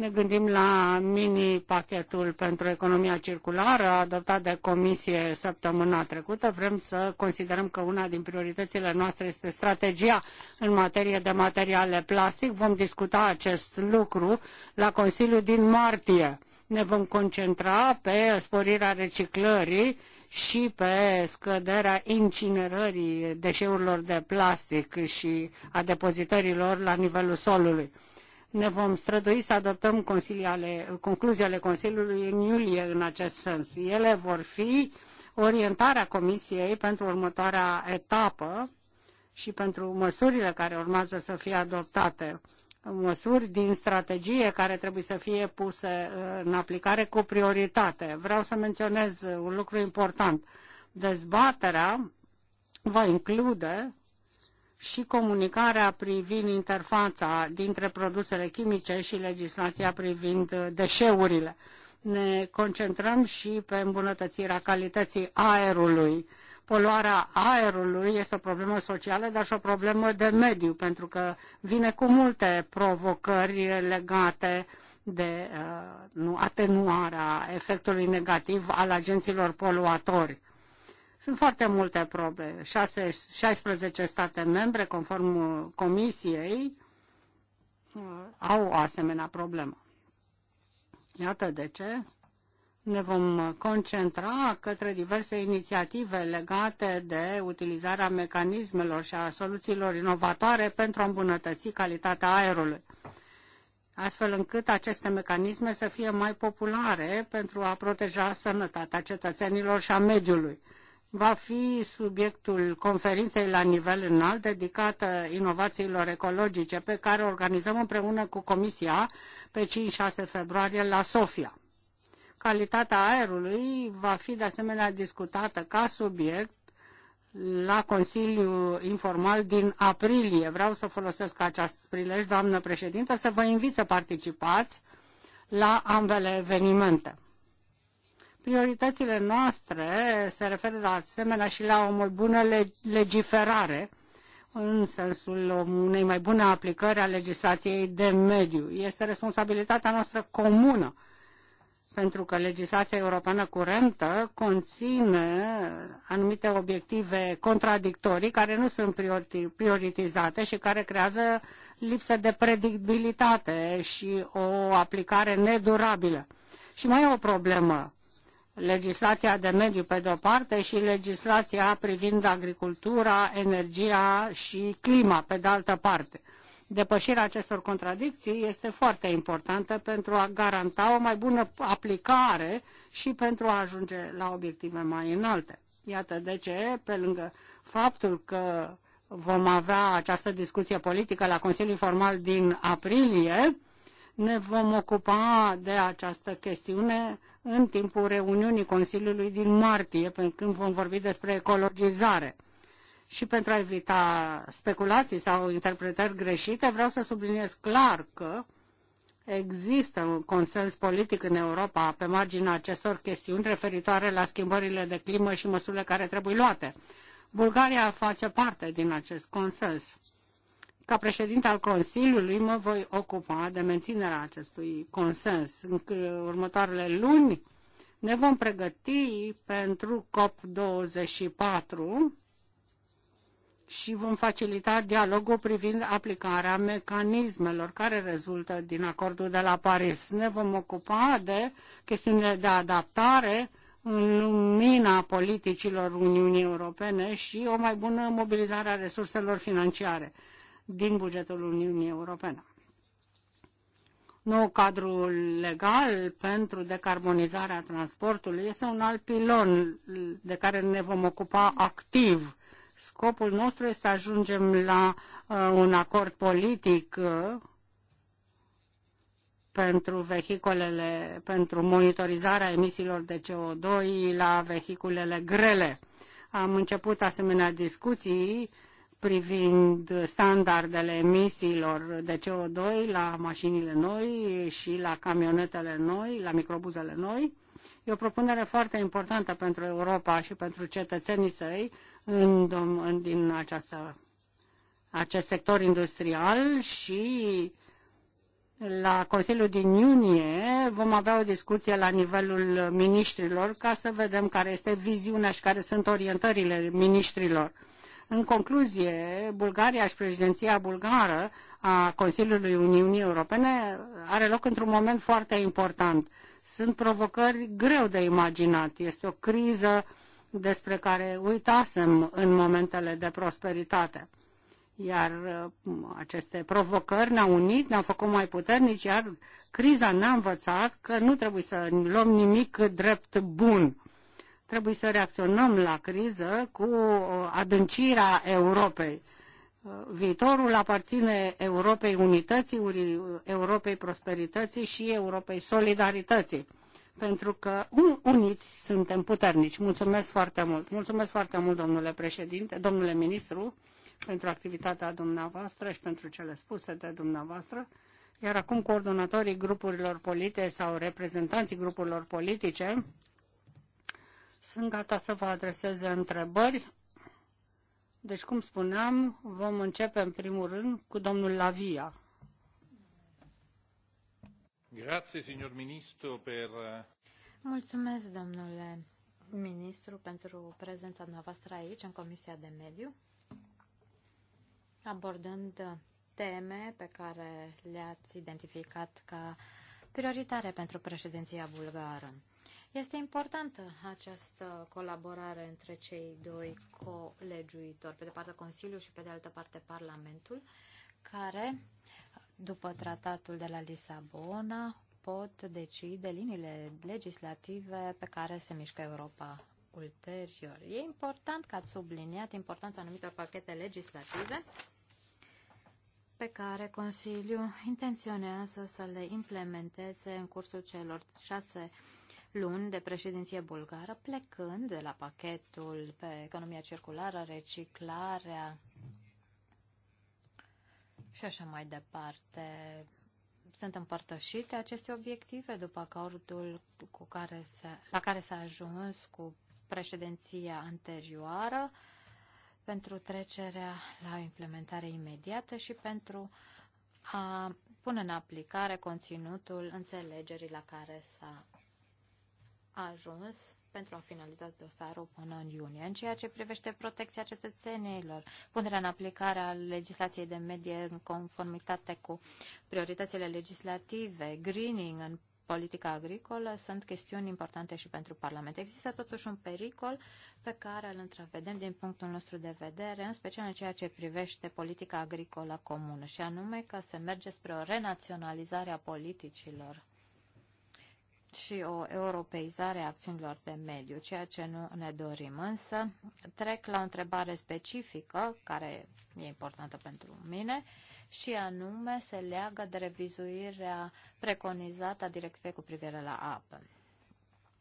Ne gândim la mini-pachetul pentru economia circulară adoptat de comisie săptămâna trecută. Vrem să considerăm că una din prioritățile noastre este strategia în materie de materiale plastic. Vom discuta acest lucru la Consiliul din martie. Ne vom concentra pe sporirea reciclării și pe scăderea incinerării deșeurilor de plastic și a depozitărilor la nivelul solului ne vom strădui să adoptăm consiliale, concluziile Consiliului în iulie în acest sens. Ele vor fi orientarea Comisiei pentru următoarea etapă și pentru măsurile care urmează să fie adoptate măsuri din strategie care trebuie să fie puse uh, în aplicare cu prioritate. Vreau să menționez un lucru important. Dezbaterea va include și comunicarea privind interfața dintre produsele chimice și legislația privind uh, deșeurile. Ne concentrăm și pe îmbunătățirea calității aerului. Poluarea aerului este o problemă socială, dar și o problemă de mediu, pentru că vine cu multe provocări legate de uh, atenuarea efectului negativ al agenților poluatori sunt foarte multe probe. 6, 16 state membre, conform Comisiei, uh, au o asemenea problemă. Iată de ce ne vom concentra către diverse inițiative legate de utilizarea mecanismelor și a soluțiilor inovatoare pentru a îmbunătăți calitatea aerului, astfel încât aceste mecanisme să fie mai populare pentru a proteja sănătatea cetățenilor și a mediului va fi subiectul conferinței la nivel înalt dedicată inovațiilor ecologice pe care o organizăm împreună cu Comisia pe 5-6 februarie la Sofia. Calitatea aerului va fi de asemenea discutată ca subiect la Consiliul Informal din aprilie. Vreau să folosesc acest prilej, doamnă președintă, să vă invit să participați la ambele evenimente. Prioritățile noastre se referă la asemenea și la o mai bună legiferare în sensul unei mai bune aplicări a legislației de mediu. Este responsabilitatea noastră comună, pentru că legislația europeană curentă conține anumite obiective contradictorii care nu sunt prioritizate și care creează lipsă de predictibilitate și o aplicare nedurabilă. Și mai e o problemă legislația de mediu pe de-o parte și legislația privind agricultura, energia și clima pe de altă parte. Depășirea acestor contradicții este foarte importantă pentru a garanta o mai bună aplicare și pentru a ajunge la obiective mai înalte. Iată de ce, pe lângă faptul că vom avea această discuție politică la Consiliul Formal din aprilie, ne vom ocupa de această chestiune în timpul reuniunii Consiliului din martie, când vom vorbi despre ecologizare. Și pentru a evita speculații sau interpretări greșite, vreau să subliniez clar că există un consens politic în Europa pe marginea acestor chestiuni referitoare la schimbările de climă și măsurile care trebuie luate. Bulgaria face parte din acest consens. Ca președinte al Consiliului mă voi ocupa de menținerea acestui consens. În următoarele luni ne vom pregăti pentru COP24 și vom facilita dialogul privind aplicarea mecanismelor care rezultă din acordul de la Paris. Ne vom ocupa de chestiunile de adaptare în lumina politicilor Uniunii Europene și o mai bună mobilizare a resurselor financiare din bugetul Uniunii Europene. Nou cadru legal pentru decarbonizarea transportului este un alt pilon de care ne vom ocupa activ. Scopul nostru este să ajungem la uh, un acord politic uh, pentru vehiculele, pentru monitorizarea emisiilor de CO2 la vehiculele grele. Am început asemenea discuții privind standardele emisiilor de CO2 la mașinile noi și la camionetele noi, la microbuzele noi. E o propunere foarte importantă pentru Europa și pentru cetățenii săi în, în, din această, acest sector industrial și la Consiliul din iunie vom avea o discuție la nivelul ministrilor ca să vedem care este viziunea și care sunt orientările ministrilor. În concluzie, Bulgaria și președinția bulgară a Consiliului Uniunii Europene are loc într-un moment foarte important. Sunt provocări greu de imaginat. Este o criză despre care uitasem în momentele de prosperitate. Iar uh, aceste provocări ne-au unit, ne-au făcut mai puternici, iar criza ne-a învățat că nu trebuie să luăm nimic drept bun Trebuie să reacționăm la criză cu uh, adâncirea Europei. Uh, viitorul aparține Europei Unității, uh, Europei Prosperității și Europei Solidarității. Pentru că uniți suntem puternici. Mulțumesc foarte mult. Mulțumesc foarte mult, domnule președinte, domnule ministru, pentru activitatea dumneavoastră și pentru cele spuse de dumneavoastră. Iar acum coordonatorii grupurilor politice sau reprezentanții grupurilor politice sunt gata să vă adreseze întrebări. Deci, cum spuneam, vom începe în primul rând cu domnul Lavia. Grazie, signor ministru, per... Mulțumesc, domnule ministru, pentru prezența noastră aici, în Comisia de Mediu, abordând teme pe care le-ați identificat ca prioritare pentru președinția bulgară. Este importantă această colaborare între cei doi colegiuitori, pe de parte Consiliul și pe de altă parte Parlamentul, care, după tratatul de la Lisabona, pot decide liniile legislative pe care se mișcă Europa ulterior. E important că ați subliniat importanța anumitor pachete legislative pe care Consiliul intenționează să le implementeze în cursul celor șase luni de președinție bulgară, plecând de la pachetul pe economia circulară, reciclarea și așa mai departe. Sunt împărtășite aceste obiective după acordul cu care se, la care s-a ajuns cu președinția anterioară pentru trecerea la o implementare imediată și pentru a pune în aplicare conținutul înțelegerii la care s-a ajuns pentru a finaliza dosarul până în iunie. În ceea ce privește protecția cetățenilor, punerea în aplicare a legislației de medie în conformitate cu prioritățile legislative, greening în politica agricolă sunt chestiuni importante și pentru Parlament. Există totuși un pericol pe care îl întrevedem din punctul nostru de vedere, în special în ceea ce privește politica agricolă comună, și anume că se merge spre o renaționalizare a politicilor și o europeizare a acțiunilor de mediu, ceea ce nu ne dorim. Însă trec la o întrebare specifică, care e importantă pentru mine, și anume se leagă de revizuirea preconizată a directivei cu privire la apă.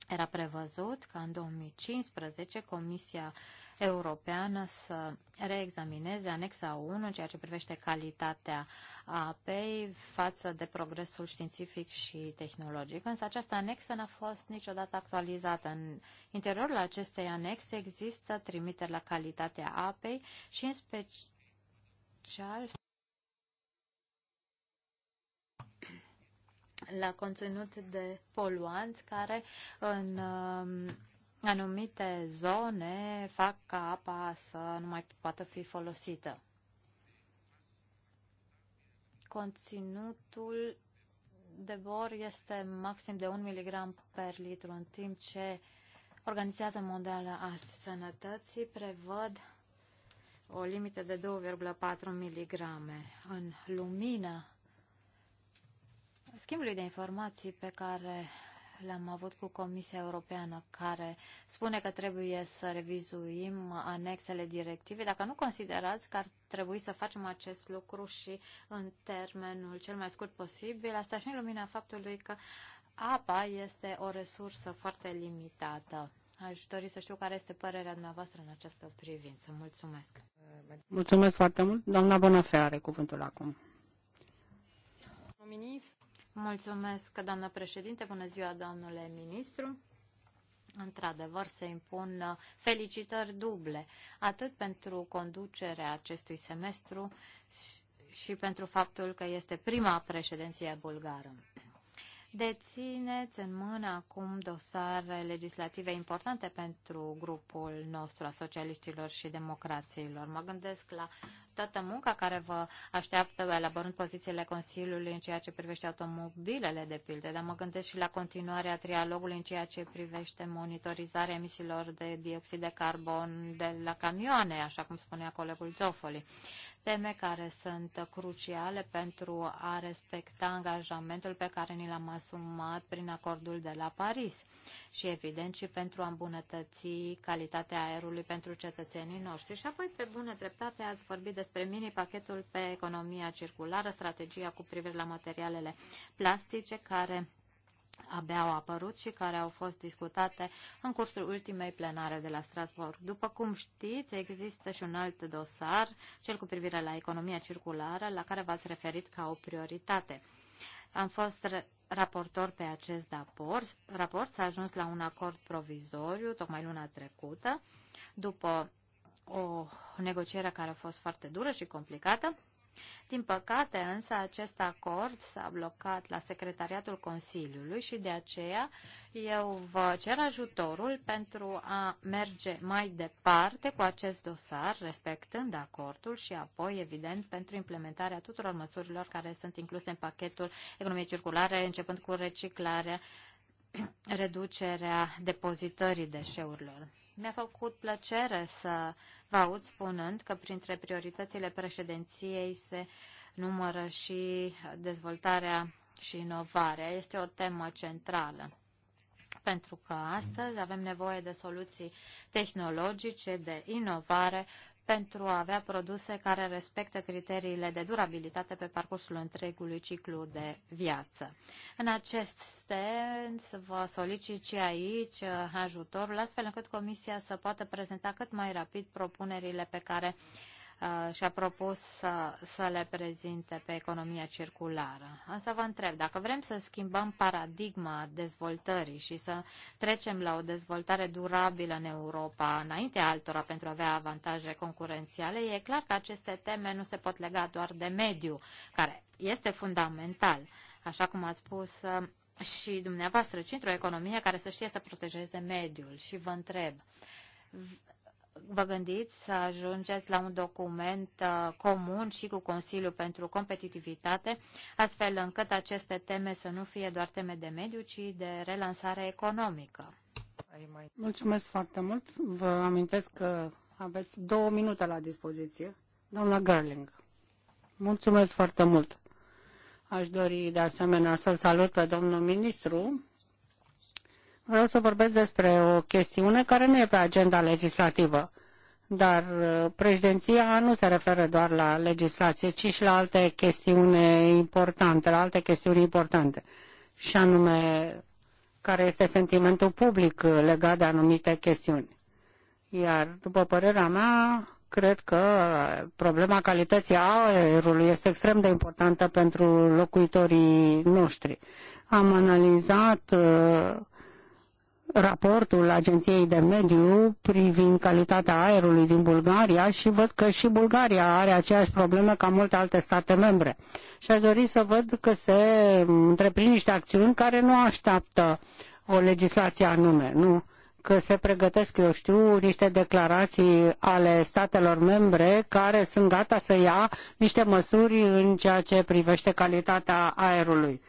Era prevăzut ca în 2015 Comisia Europeană să reexamineze anexa 1 în ceea ce privește calitatea apei față de progresul științific și tehnologic. Însă această anexă n-a fost niciodată actualizată. În interiorul acestei anexe există trimiteri la calitatea apei și în special la conținut de poluanți care în um, anumite zone fac ca apa să nu mai poată fi folosită. Conținutul de bor este maxim de 1 mg per litru, în timp ce Organizația Mondială a Sănătății prevăd o limită de 2,4 mg în lumină. Schimbului de informații pe care l-am avut cu Comisia Europeană, care spune că trebuie să revizuim anexele directivei. Dacă nu considerați că ar trebui să facem acest lucru și în termenul cel mai scurt posibil, asta și în lumina faptului că apa este o resursă foarte limitată. Aș dori să știu care este părerea dumneavoastră în această privință. Mulțumesc. Mulțumesc foarte mult. Doamna Bonafea are cuvântul acum. Ministru. Mulțumesc, doamnă președinte. Bună ziua, domnule ministru. Într-adevăr, se impun uh, felicitări duble, atât pentru conducerea acestui semestru și pentru faptul că este prima președinție bulgară. Dețineți în mână acum dosare legislative importante pentru grupul nostru a socialiștilor și democrațiilor. Mă gândesc la toată munca care vă așteaptă elaborând pozițiile Consiliului în ceea ce privește automobilele, de pildă, dar mă gândesc și la continuarea trialogului în ceea ce privește monitorizarea emisiilor de dioxid de carbon de la camioane, așa cum spunea colegul Zofoli. Teme care sunt cruciale pentru a respecta angajamentul pe care ni l-am asumat prin acordul de la Paris și, evident, și pentru a îmbunătăți calitatea aerului pentru cetățenii noștri. Și apoi, pe bună dreptate, ați vorbit despre despre mini-pachetul pe economia circulară, strategia cu privire la materialele plastice, care abia au apărut și care au fost discutate în cursul ultimei plenare de la Strasbourg. După cum știți, există și un alt dosar, cel cu privire la economia circulară, la care v-ați referit ca o prioritate. Am fost raportor pe acest raport. s-a ajuns la un acord provizoriu tocmai luna trecută, după o negociere care a fost foarte dură și complicată. Din păcate, însă, acest acord s-a blocat la secretariatul Consiliului și de aceea eu vă cer ajutorul pentru a merge mai departe cu acest dosar, respectând acordul și apoi, evident, pentru implementarea tuturor măsurilor care sunt incluse în pachetul economiei circulare, începând cu reciclarea, reducerea depozitării deșeurilor. Mi-a făcut plăcere să vă aud spunând că printre prioritățile președinției se numără și dezvoltarea și inovarea. Este o temă centrală pentru că astăzi avem nevoie de soluții tehnologice, de inovare pentru a avea produse care respectă criteriile de durabilitate pe parcursul întregului ciclu de viață. În acest sens, vă solicit și aici ajutorul, astfel încât Comisia să poată prezenta cât mai rapid propunerile pe care Uh, și-a propus să, să le prezinte pe economia circulară. Asta vă întreb, dacă vrem să schimbăm paradigma dezvoltării și să trecem la o dezvoltare durabilă în Europa, înainte altora, pentru a avea avantaje concurențiale, e clar că aceste teme nu se pot lega doar de mediu, care este fundamental, așa cum ați spus uh, și dumneavoastră, ci într-o economie care să știe să protejeze mediul. Și vă întreb, vă gândiți să ajungeți la un document uh, comun și cu Consiliul pentru Competitivitate, astfel încât aceste teme să nu fie doar teme de mediu, ci de relansare economică. Mulțumesc foarte mult. Vă amintesc că aveți două minute la dispoziție. Doamna Gerling, mulțumesc foarte mult. Aș dori de asemenea să-l salut pe domnul ministru Vreau să vorbesc despre o chestiune care nu e pe agenda legislativă, dar uh, președinția nu se referă doar la legislație, ci și la alte chestiuni importante, la alte chestiuni importante, și anume care este sentimentul public uh, legat de anumite chestiuni. Iar, după părerea mea, cred că problema calității aerului este extrem de importantă pentru locuitorii noștri. Am analizat uh, raportul Agenției de Mediu privind calitatea aerului din Bulgaria și văd că și Bulgaria are aceeași probleme ca multe alte state membre. Și aș dori să văd că se întreprind niște acțiuni care nu așteaptă o legislație anume, nu? Că se pregătesc, eu știu, niște declarații ale statelor membre care sunt gata să ia niște măsuri în ceea ce privește calitatea aerului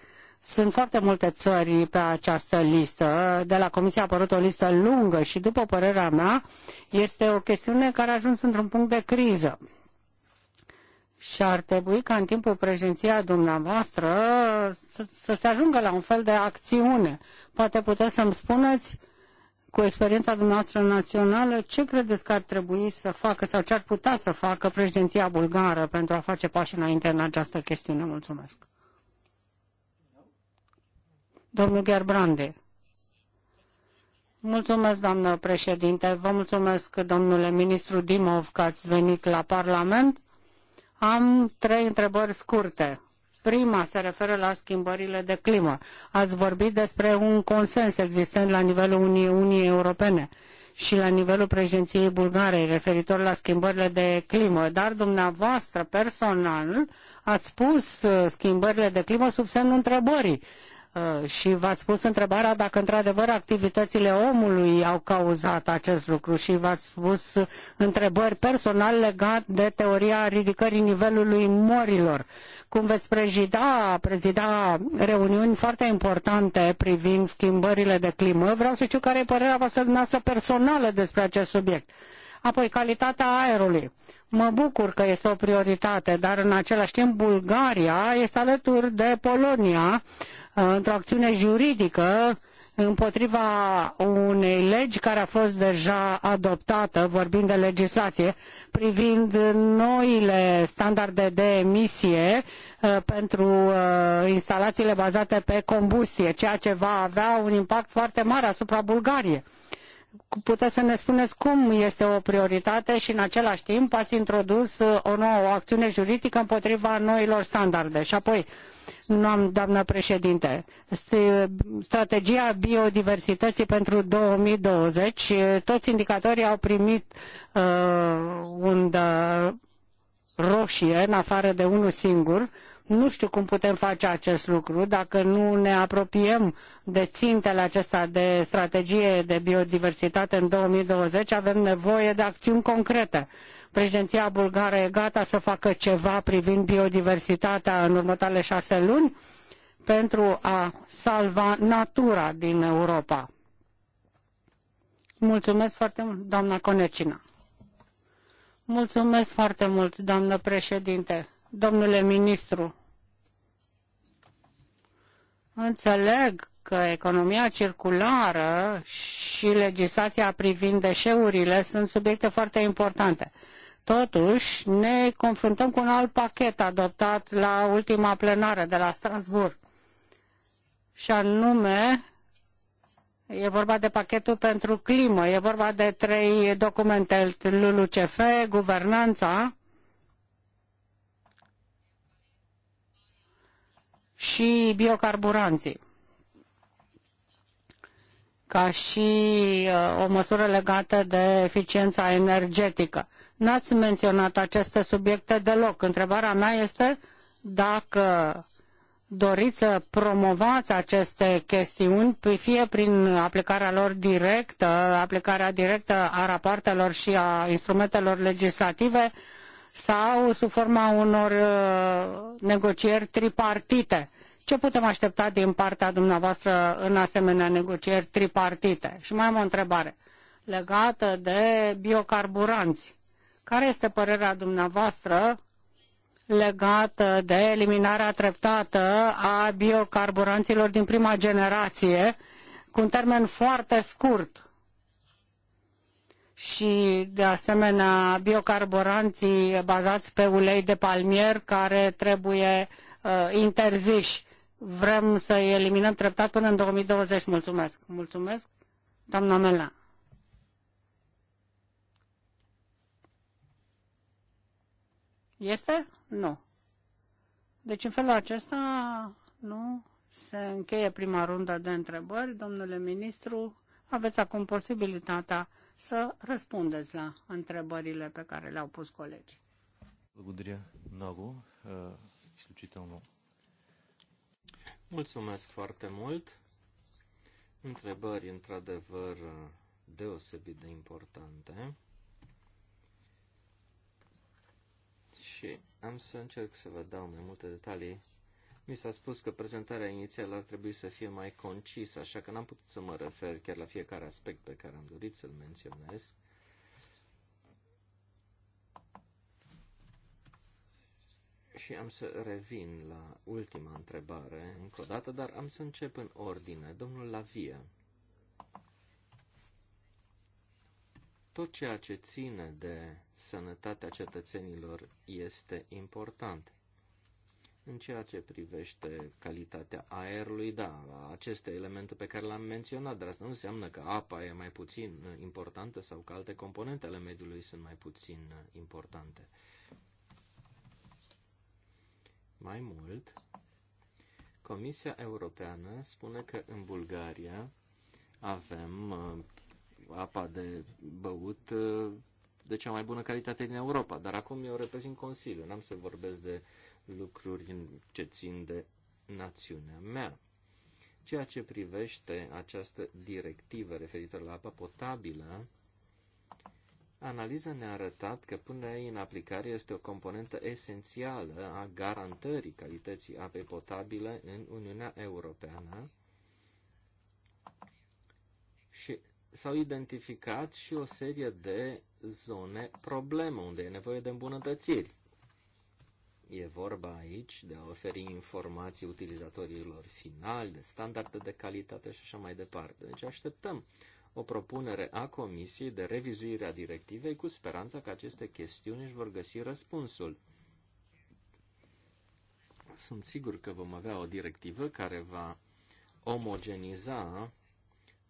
sunt foarte multe țări pe această listă. De la Comisie a apărut o listă lungă și, după părerea mea, este o chestiune care a ajuns într-un punct de criză. Și ar trebui ca în timpul prezenția dumneavoastră să, să se ajungă la un fel de acțiune. Poate puteți să-mi spuneți cu experiența dumneavoastră națională, ce credeți că ar trebui să facă sau ce ar putea să facă președinția bulgară pentru a face pași înainte în această chestiune? Mulțumesc. Domnul Gerbrande, Mulțumesc, doamnă președinte. Vă mulțumesc, domnule ministru Dimov, că ați venit la Parlament. Am trei întrebări scurte. Prima se referă la schimbările de climă. Ați vorbit despre un consens existent la nivelul Uniunii Europene și la nivelul președinției bulgare referitor la schimbările de climă, dar dumneavoastră personal ați pus uh, schimbările de climă sub semnul întrebării Uh, și v-ați pus întrebarea dacă într-adevăr activitățile omului au cauzat acest lucru și v-ați pus întrebări personal legat de teoria ridicării nivelului morilor. Cum veți prezida, prezida reuniuni foarte importante privind schimbările de climă, vreau să știu care e părerea voastră dumneavoastră personală despre acest subiect. Apoi, calitatea aerului. Mă bucur că este o prioritate, dar în același timp Bulgaria este alături de Polonia Uh, într-o acțiune juridică împotriva unei legi care a fost deja adoptată, vorbind de legislație, privind noile standarde de emisie uh, pentru uh, instalațiile bazate pe combustie, ceea ce va avea un impact foarte mare asupra Bulgariei puteți să ne spuneți cum este o prioritate și în același timp ați introdus uh, o nouă acțiune juridică împotriva noilor standarde. Și apoi, doamnă președinte, strategia biodiversității pentru 2020, uh, toți indicatorii au primit uh, undă roșie, în afară de unul singur, uh, nu știu cum putem face acest lucru dacă nu ne apropiem de țintele acesta de strategie de biodiversitate în 2020. Avem nevoie de acțiuni concrete. Președinția bulgară e gata să facă ceva privind biodiversitatea în următoarele șase luni pentru a salva natura din Europa. Mulțumesc foarte mult, doamna Conecina. Mulțumesc foarte mult, doamnă președinte, domnule ministru. Înțeleg că economia circulară și legislația privind deșeurile sunt subiecte foarte importante. Totuși, ne confruntăm cu un alt pachet adoptat la ultima plenară de la Strasbourg. Și anume, e vorba de pachetul pentru climă, e vorba de trei documente, LULUCF, guvernanța și biocarburanții ca și uh, o măsură legată de eficiența energetică. N-ați menționat aceste subiecte deloc. Întrebarea mea este dacă doriți să promovați aceste chestiuni, fie prin aplicarea lor directă, aplicarea directă a rapoartelor și a instrumentelor legislative, sau sub forma unor uh, negocieri tripartite. Ce putem aștepta din partea dumneavoastră în asemenea negocieri tripartite? Și mai am o întrebare legată de biocarburanți. Care este părerea dumneavoastră legată de eliminarea treptată a biocarburanților din prima generație cu un termen foarte scurt? și de asemenea biocarburanții bazați pe ulei de palmier care trebuie uh, interziși. Vrem să eliminăm treptat până în 2020. Mulțumesc. Mulțumesc, doamna Mela. Este? Nu. Deci în felul acesta nu se încheie prima rundă de întrebări. Domnule ministru, aveți acum posibilitatea să răspundeți la întrebările pe care le-au pus colegii. Благодаря много, Mulțumesc foarte mult. Întrebări, într-adevăr, deosebit de importante. Și am să încerc să vă dau mai multe detalii mi s-a spus că prezentarea inițială ar trebui să fie mai concisă, așa că n-am putut să mă refer chiar la fiecare aspect pe care am dorit să-l menționez. Și am să revin la ultima întrebare încă o dată, dar am să încep în ordine. Domnul Lavia. Tot ceea ce ține de sănătatea cetățenilor este important în ceea ce privește calitatea aerului, da, aceste elemente pe care le-am menționat, dar asta nu înseamnă că apa e mai puțin importantă sau că alte componente ale mediului sunt mai puțin importante. Mai mult, Comisia Europeană spune că în Bulgaria avem uh, apa de băut uh, de cea mai bună calitate din Europa, dar acum eu reprezint Consiliul, n-am să vorbesc de uh, lucruri ce țin de națiunea mea. Ceea ce privește această directivă referitoare la apa potabilă, analiza ne-a arătat că punerea ei în aplicare este o componentă esențială a garantării calității apei potabile în Uniunea Europeană și s-au identificat și o serie de zone problemă unde e nevoie de îmbunătățiri. E vorba aici de a oferi informații utilizatorilor finali, de standarde de calitate și așa mai departe. Deci așteptăm o propunere a Comisiei de revizuire a directivei cu speranța că aceste chestiuni își vor găsi răspunsul. Sunt sigur că vom avea o directivă care va omogeniza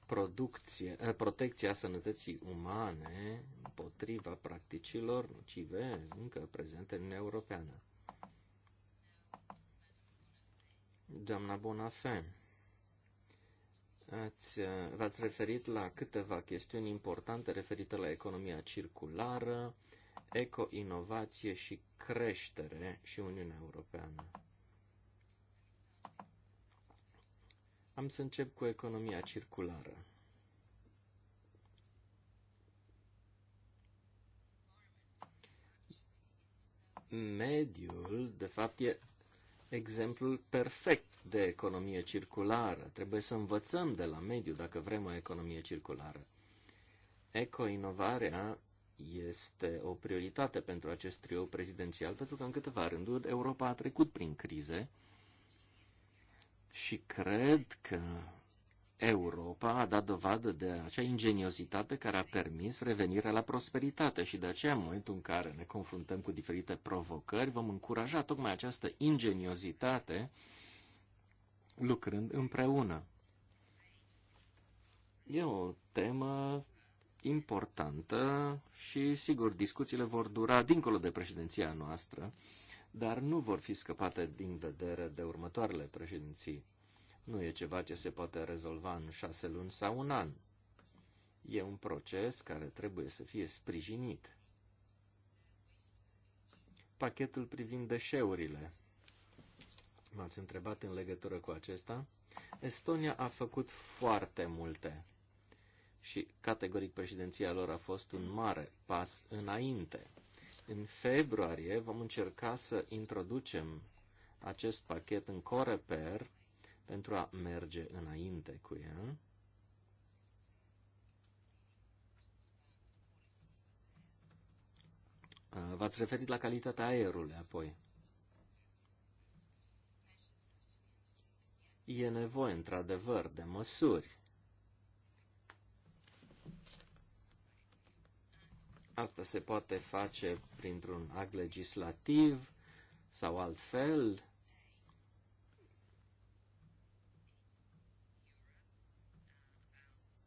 producție, eh, protecția sănătății umane împotriva practicilor nocive încă prezente în Uniunea Europeană. Doamna Bonafé, ați, uh, v-ați referit la câteva chestiuni importante referite la economia circulară, eco-inovație și creștere și Uniunea Europeană. Am să încep cu economia circulară. Mediul, de fapt, e exemplul perfect de economie circulară. Trebuie să învățăm de la mediu dacă vrem o economie circulară. Ecoinovarea este o prioritate pentru acest trio prezidențial, pentru că în câteva rânduri Europa a trecut prin crize și cred că Europa a dat dovadă de acea ingeniozitate care a permis revenirea la prosperitate și de aceea, în momentul în care ne confruntăm cu diferite provocări, vom încuraja tocmai această ingeniozitate lucrând împreună. E o temă importantă și, sigur, discuțiile vor dura dincolo de președinția noastră, dar nu vor fi scăpate din vedere de următoarele președinții. Nu e ceva ce se poate rezolva în șase luni sau un an. E un proces care trebuie să fie sprijinit. Pachetul privind deșeurile. M-ați întrebat în legătură cu acesta? Estonia a făcut foarte multe și categoric președinția lor a fost un mare pas înainte. În februarie vom încerca să introducem acest pachet în Coreper pentru a merge înainte cu ea. Uh, v-ați referit la calitatea aerului apoi. E nevoie, într-adevăr, de măsuri. Asta se poate face printr-un act legislativ sau altfel,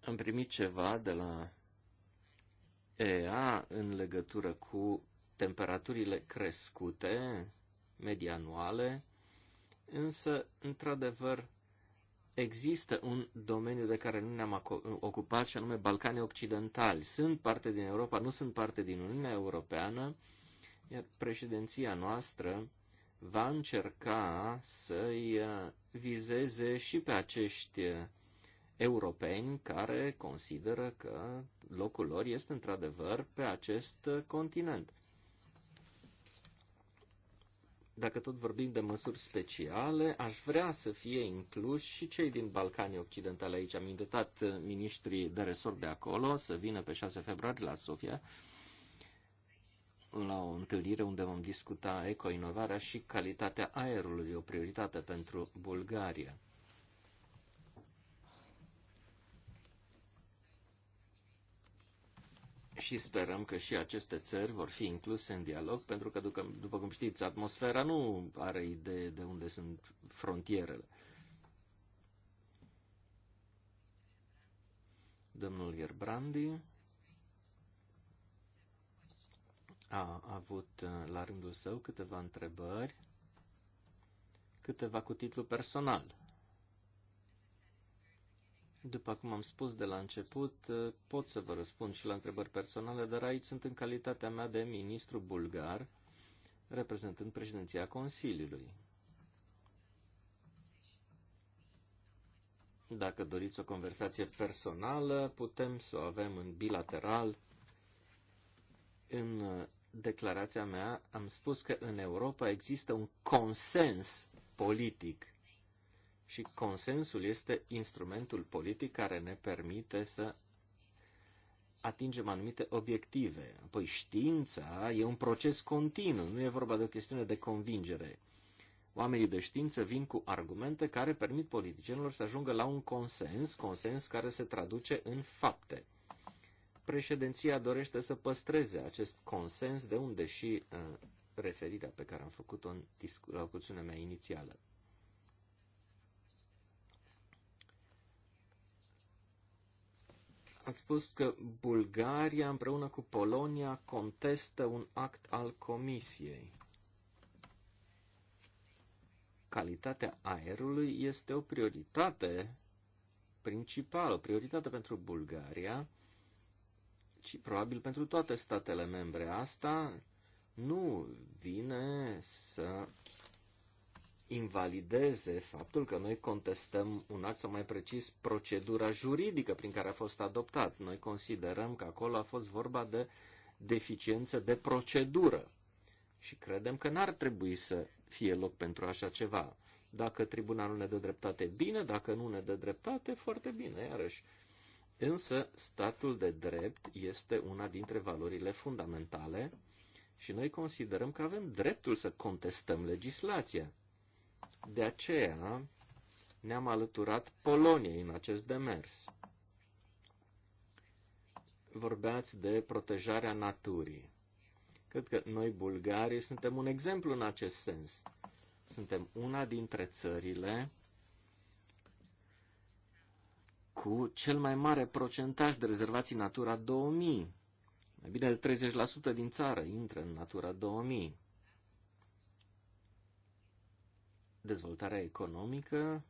Am primit ceva de la EA în legătură cu temperaturile crescute, medianuale, însă, într-adevăr, există un domeniu de care nu ne-am ocupat și anume Balcanii Occidentali. Sunt parte din Europa, nu sunt parte din Uniunea Europeană, iar președinția noastră va încerca să-i uh, vizeze și pe acești uh, europeni care consideră că locul lor este într-adevăr pe acest continent. Dacă tot vorbim de măsuri speciale, aș vrea să fie inclus și cei din Balcanii Occidentale aici. Am invitat uh, ministrii de resort de acolo să vină pe 6 februarie la Sofia la o întâlnire unde vom discuta ecoinovarea și calitatea aerului, o prioritate pentru Bulgaria. și sperăm că și aceste țări vor fi incluse în dialog, pentru că, după cum știți, atmosfera nu are idee de unde sunt frontierele. Domnul Gerbrandi a avut uh, la rândul său câteva întrebări, câteva cu titlu personal. După cum am spus de la început, eh, pot să vă răspund și la întrebări personale, dar aici sunt în calitatea mea de ministru bulgar, reprezentând președinția Consiliului. Dacă doriți o conversație personală, putem să o avem în bilateral. În eh, declarația mea am spus că în Europa există un consens politic și consensul este instrumentul politic care ne permite să atingem anumite obiective. Apoi știința e un proces continuu, nu e vorba de o chestiune de convingere. Oamenii de știință vin cu argumente care permit politicienilor să ajungă la un consens, consens care se traduce în fapte. Președinția dorește să păstreze acest consens de unde și uh, referirea pe care am făcut-o în discu- mea inițială. ați spus că Bulgaria împreună cu Polonia contestă un act al Comisiei. Calitatea aerului este o prioritate principală, o prioritate pentru Bulgaria și probabil pentru toate statele membre. Asta nu vine să invalideze faptul că noi contestăm un act, sau mai precis, procedura juridică prin care a fost adoptat. Noi considerăm că acolo a fost vorba de deficiență de procedură și credem că n-ar trebui să fie loc pentru așa ceva. Dacă tribunalul ne dă dreptate, bine, dacă nu ne dă dreptate, foarte bine, iarăși. Însă, statul de drept este una dintre valorile fundamentale și noi considerăm că avem dreptul să contestăm legislația. De aceea ne-am alăturat Poloniei în acest demers. Vorbeați de protejarea naturii. Cred că noi, bulgarii, suntem un exemplu în acest sens. Suntem una dintre țările cu cel mai mare procentaj de rezervații Natura 2000. Mai bine de 30% din țară intră în Natura 2000. dezvoltarea economică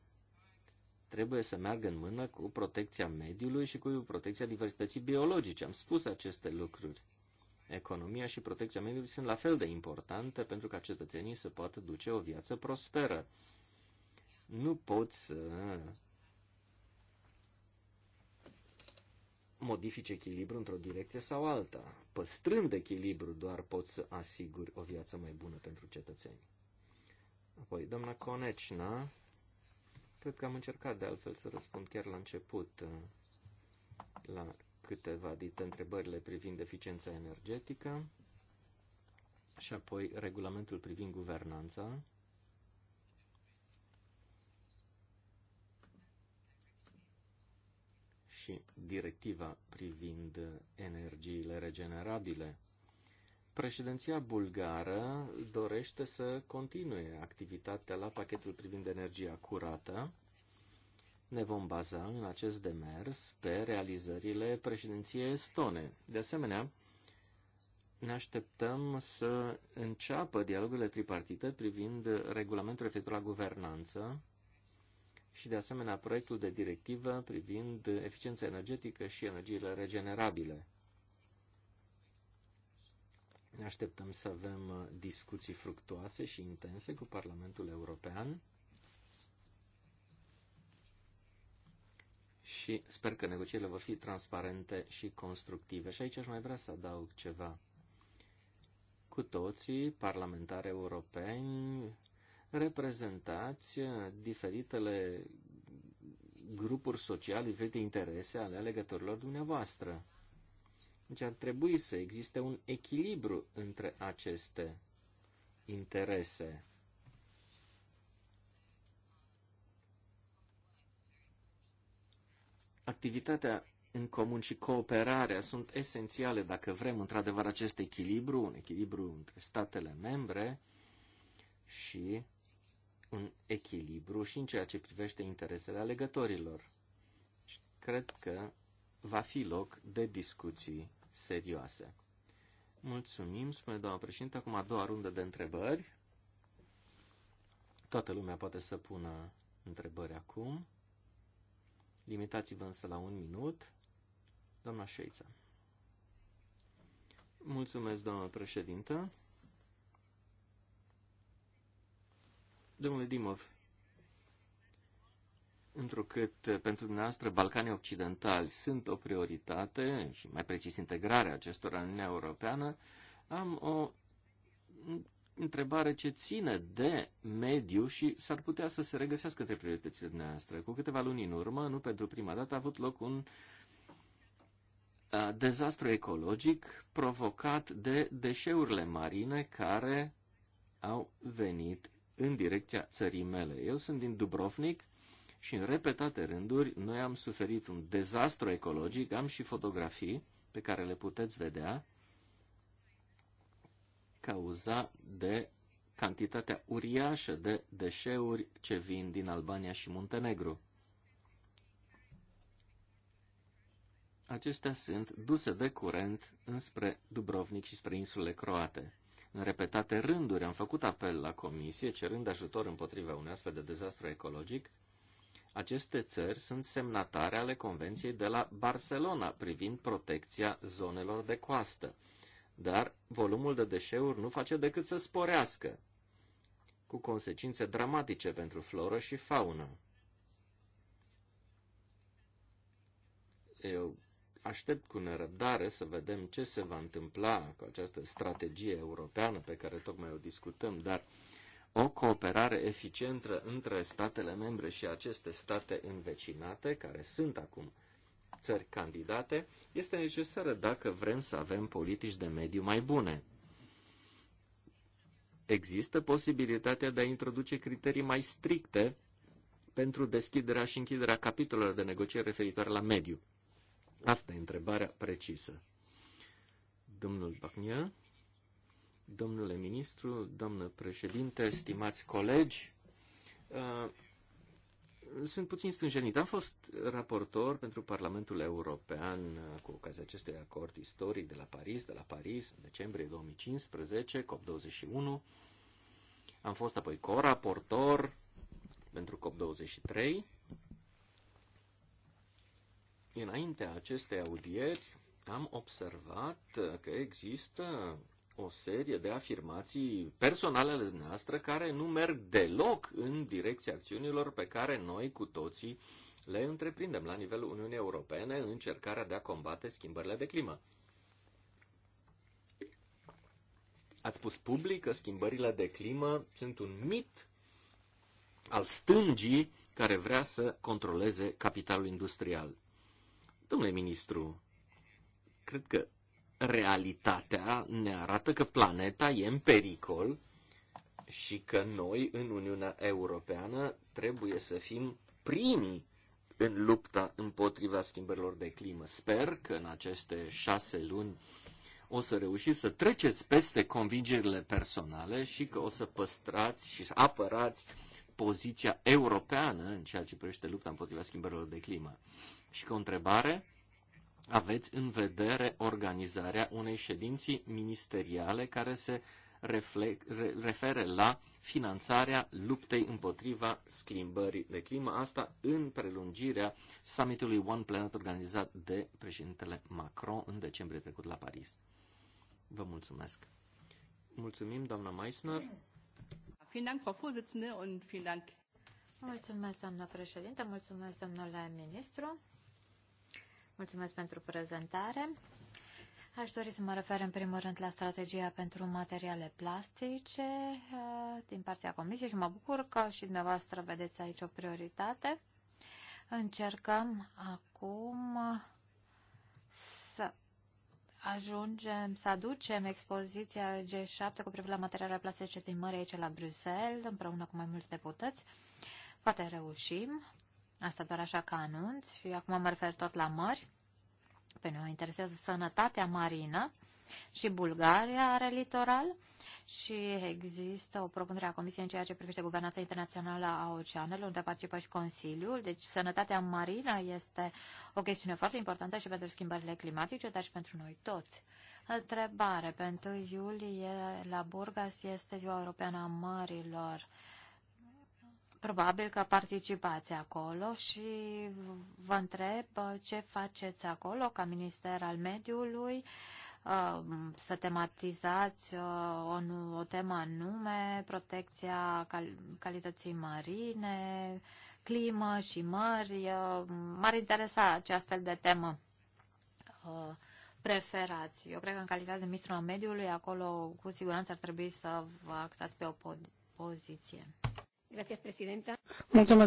trebuie să meargă în mână cu protecția mediului și cu protecția diversității biologice. Am spus aceste lucruri. Economia și protecția mediului sunt la fel de importante pentru ca cetățenii să poată duce o viață prosperă. Nu poți să modifici echilibru într-o direcție sau alta. Păstrând echilibru doar poți să asiguri o viață mai bună pentru cetățeni. Apoi, doamna Conecna, cred că am încercat de altfel să răspund chiar la început uh, la câteva dintre întrebările privind eficiența energetică și apoi regulamentul privind guvernanța. și directiva privind energiile regenerabile. Președinția bulgară dorește să continue activitatea la pachetul privind energia curată. Ne vom baza în acest demers pe realizările președinției estone. De asemenea, ne așteptăm să înceapă dialogurile tripartite privind regulamentul referitor la guvernanță și, de asemenea, proiectul de directivă privind eficiența energetică și energiile regenerabile. Ne Așteptăm să avem uh, discuții fructuoase și intense cu Parlamentul European și sper că negocierile vor fi transparente și constructive. Și aici aș mai vrea să adaug ceva. Cu toții, parlamentari europeni, reprezentați uh, diferitele grupuri sociale, diferite interese ale alegătorilor dumneavoastră. Deci ar trebui să existe un echilibru între aceste interese. Activitatea în comun și cooperarea sunt esențiale dacă vrem într-adevăr acest echilibru, un echilibru între statele membre și un echilibru și în ceea ce privește interesele alegătorilor. Și cred că va fi loc de discuții serioase. Mulțumim, spune doamna președinte. Acum a doua rundă de întrebări. Toată lumea poate să pună întrebări acum. Limitați-vă însă la un minut. Doamna Șeița. Mulțumesc, doamna președintă. Domnule Dimov, întrucât eh, pentru dumneavoastră Balcanii Occidentali sunt o prioritate și mai precis integrarea acestora în Uniunea Europeană, am o întrebare ce ține de mediu și s-ar putea să se regăsească între prioritățile noastre. Cu câteva luni în urmă, nu pentru prima dată, a avut loc un eh, dezastru ecologic provocat de deșeurile marine care au venit în direcția țării mele. Eu sunt din Dubrovnik, și în repetate rânduri noi am suferit un dezastru ecologic, am și fotografii pe care le puteți vedea, cauza de cantitatea uriașă de deșeuri ce vin din Albania și Muntenegru. Acestea sunt duse de curent înspre Dubrovnik și spre insulele croate. În repetate rânduri am făcut apel la comisie cerând ajutor împotriva unui astfel de dezastru ecologic, aceste țări sunt semnatare ale Convenției de la Barcelona privind protecția zonelor de coastă, dar volumul de deșeuri nu face decât să sporească, cu consecințe dramatice pentru floră și faună. Eu aștept cu nerăbdare să vedem ce se va întâmpla cu această strategie europeană pe care tocmai o discutăm, dar uh, o cooperare eficientă între statele membre și aceste state învecinate, care sunt acum țări candidate, este necesară dacă vrem să avem politici de mediu mai bune. Există posibilitatea de a introduce criterii mai stricte pentru deschiderea și închiderea capitolelor de negociere referitoare la mediu. Asta e întrebarea precisă. Domnul Bacnia. Domnule ministru, doamnă președinte, stimați colegi, uh, sunt puțin stânjenit. Am fost raportor pentru Parlamentul European uh, cu ocazia acestui acord istoric de la Paris, de la Paris, în decembrie 2015, COP21. Am fost apoi co-raportor pentru COP23. Înaintea acestei audieri am observat că există o serie de afirmații personale ale noastre care nu merg deloc în direcția acțiunilor pe care noi cu toții le întreprindem la nivelul Uniunii Europene în încercarea de a combate schimbările de climă. Ați spus public că schimbările de climă sunt un mit al stângii care vrea să controleze capitalul industrial. Domnule ministru, cred că realitatea ne arată că planeta e în pericol și că noi, în Uniunea Europeană, trebuie să fim primii în lupta împotriva schimbărilor de climă. Sper că în aceste șase luni o să reușiți să treceți peste convingerile personale și că o să păstrați și să apărați poziția europeană în ceea ce privește lupta împotriva schimbărilor de climă. Și că o întrebare, aveți în vedere organizarea unei ședinții ministeriale care se reflect, re, refere la finanțarea luptei împotriva schimbării de climă, asta în prelungirea summitului One Planet organizat de președintele Macron în decembrie trecut la Paris. Vă mulțumesc. Mulțumim, doamna Meissner. Mulțumesc, doamna președinte, mulțumesc, domnule ministru. Mulțumesc pentru prezentare. Aș dori să mă refer în primul rând la strategia pentru materiale plastice uh, din partea Comisiei și mă bucur că și dumneavoastră vedeți aici o prioritate. Încercăm acum să ajungem să aducem expoziția G7 cu privire la materiale plastice din mări aici la Bruxelles, împreună cu mai mulți deputați. Poate reușim. Asta doar așa ca anunț și acum mă refer tot la mări. Pe noi interesează sănătatea marină și Bulgaria are litoral și există o propunere a Comisiei în ceea ce privește guvernanța internațională a oceanelor, unde participă și Consiliul. Deci sănătatea marină este o chestiune foarte importantă și pentru schimbările climatice, dar și pentru noi toți. Întrebare. Pentru iulie la Burgas este Ziua Europeană a Mărilor. Uh, probabil că participați acolo și vă întreb uh, ce faceți acolo ca minister al mediului, uh, să tematizați uh, o, o temă anume, protecția cal- calității marine, climă și mări. M-ar interesa ce astfel de temă preferați. Eu cred că în calitate de ministru al mediului, acolo cu siguranță ar trebui să vă axați pe o poziție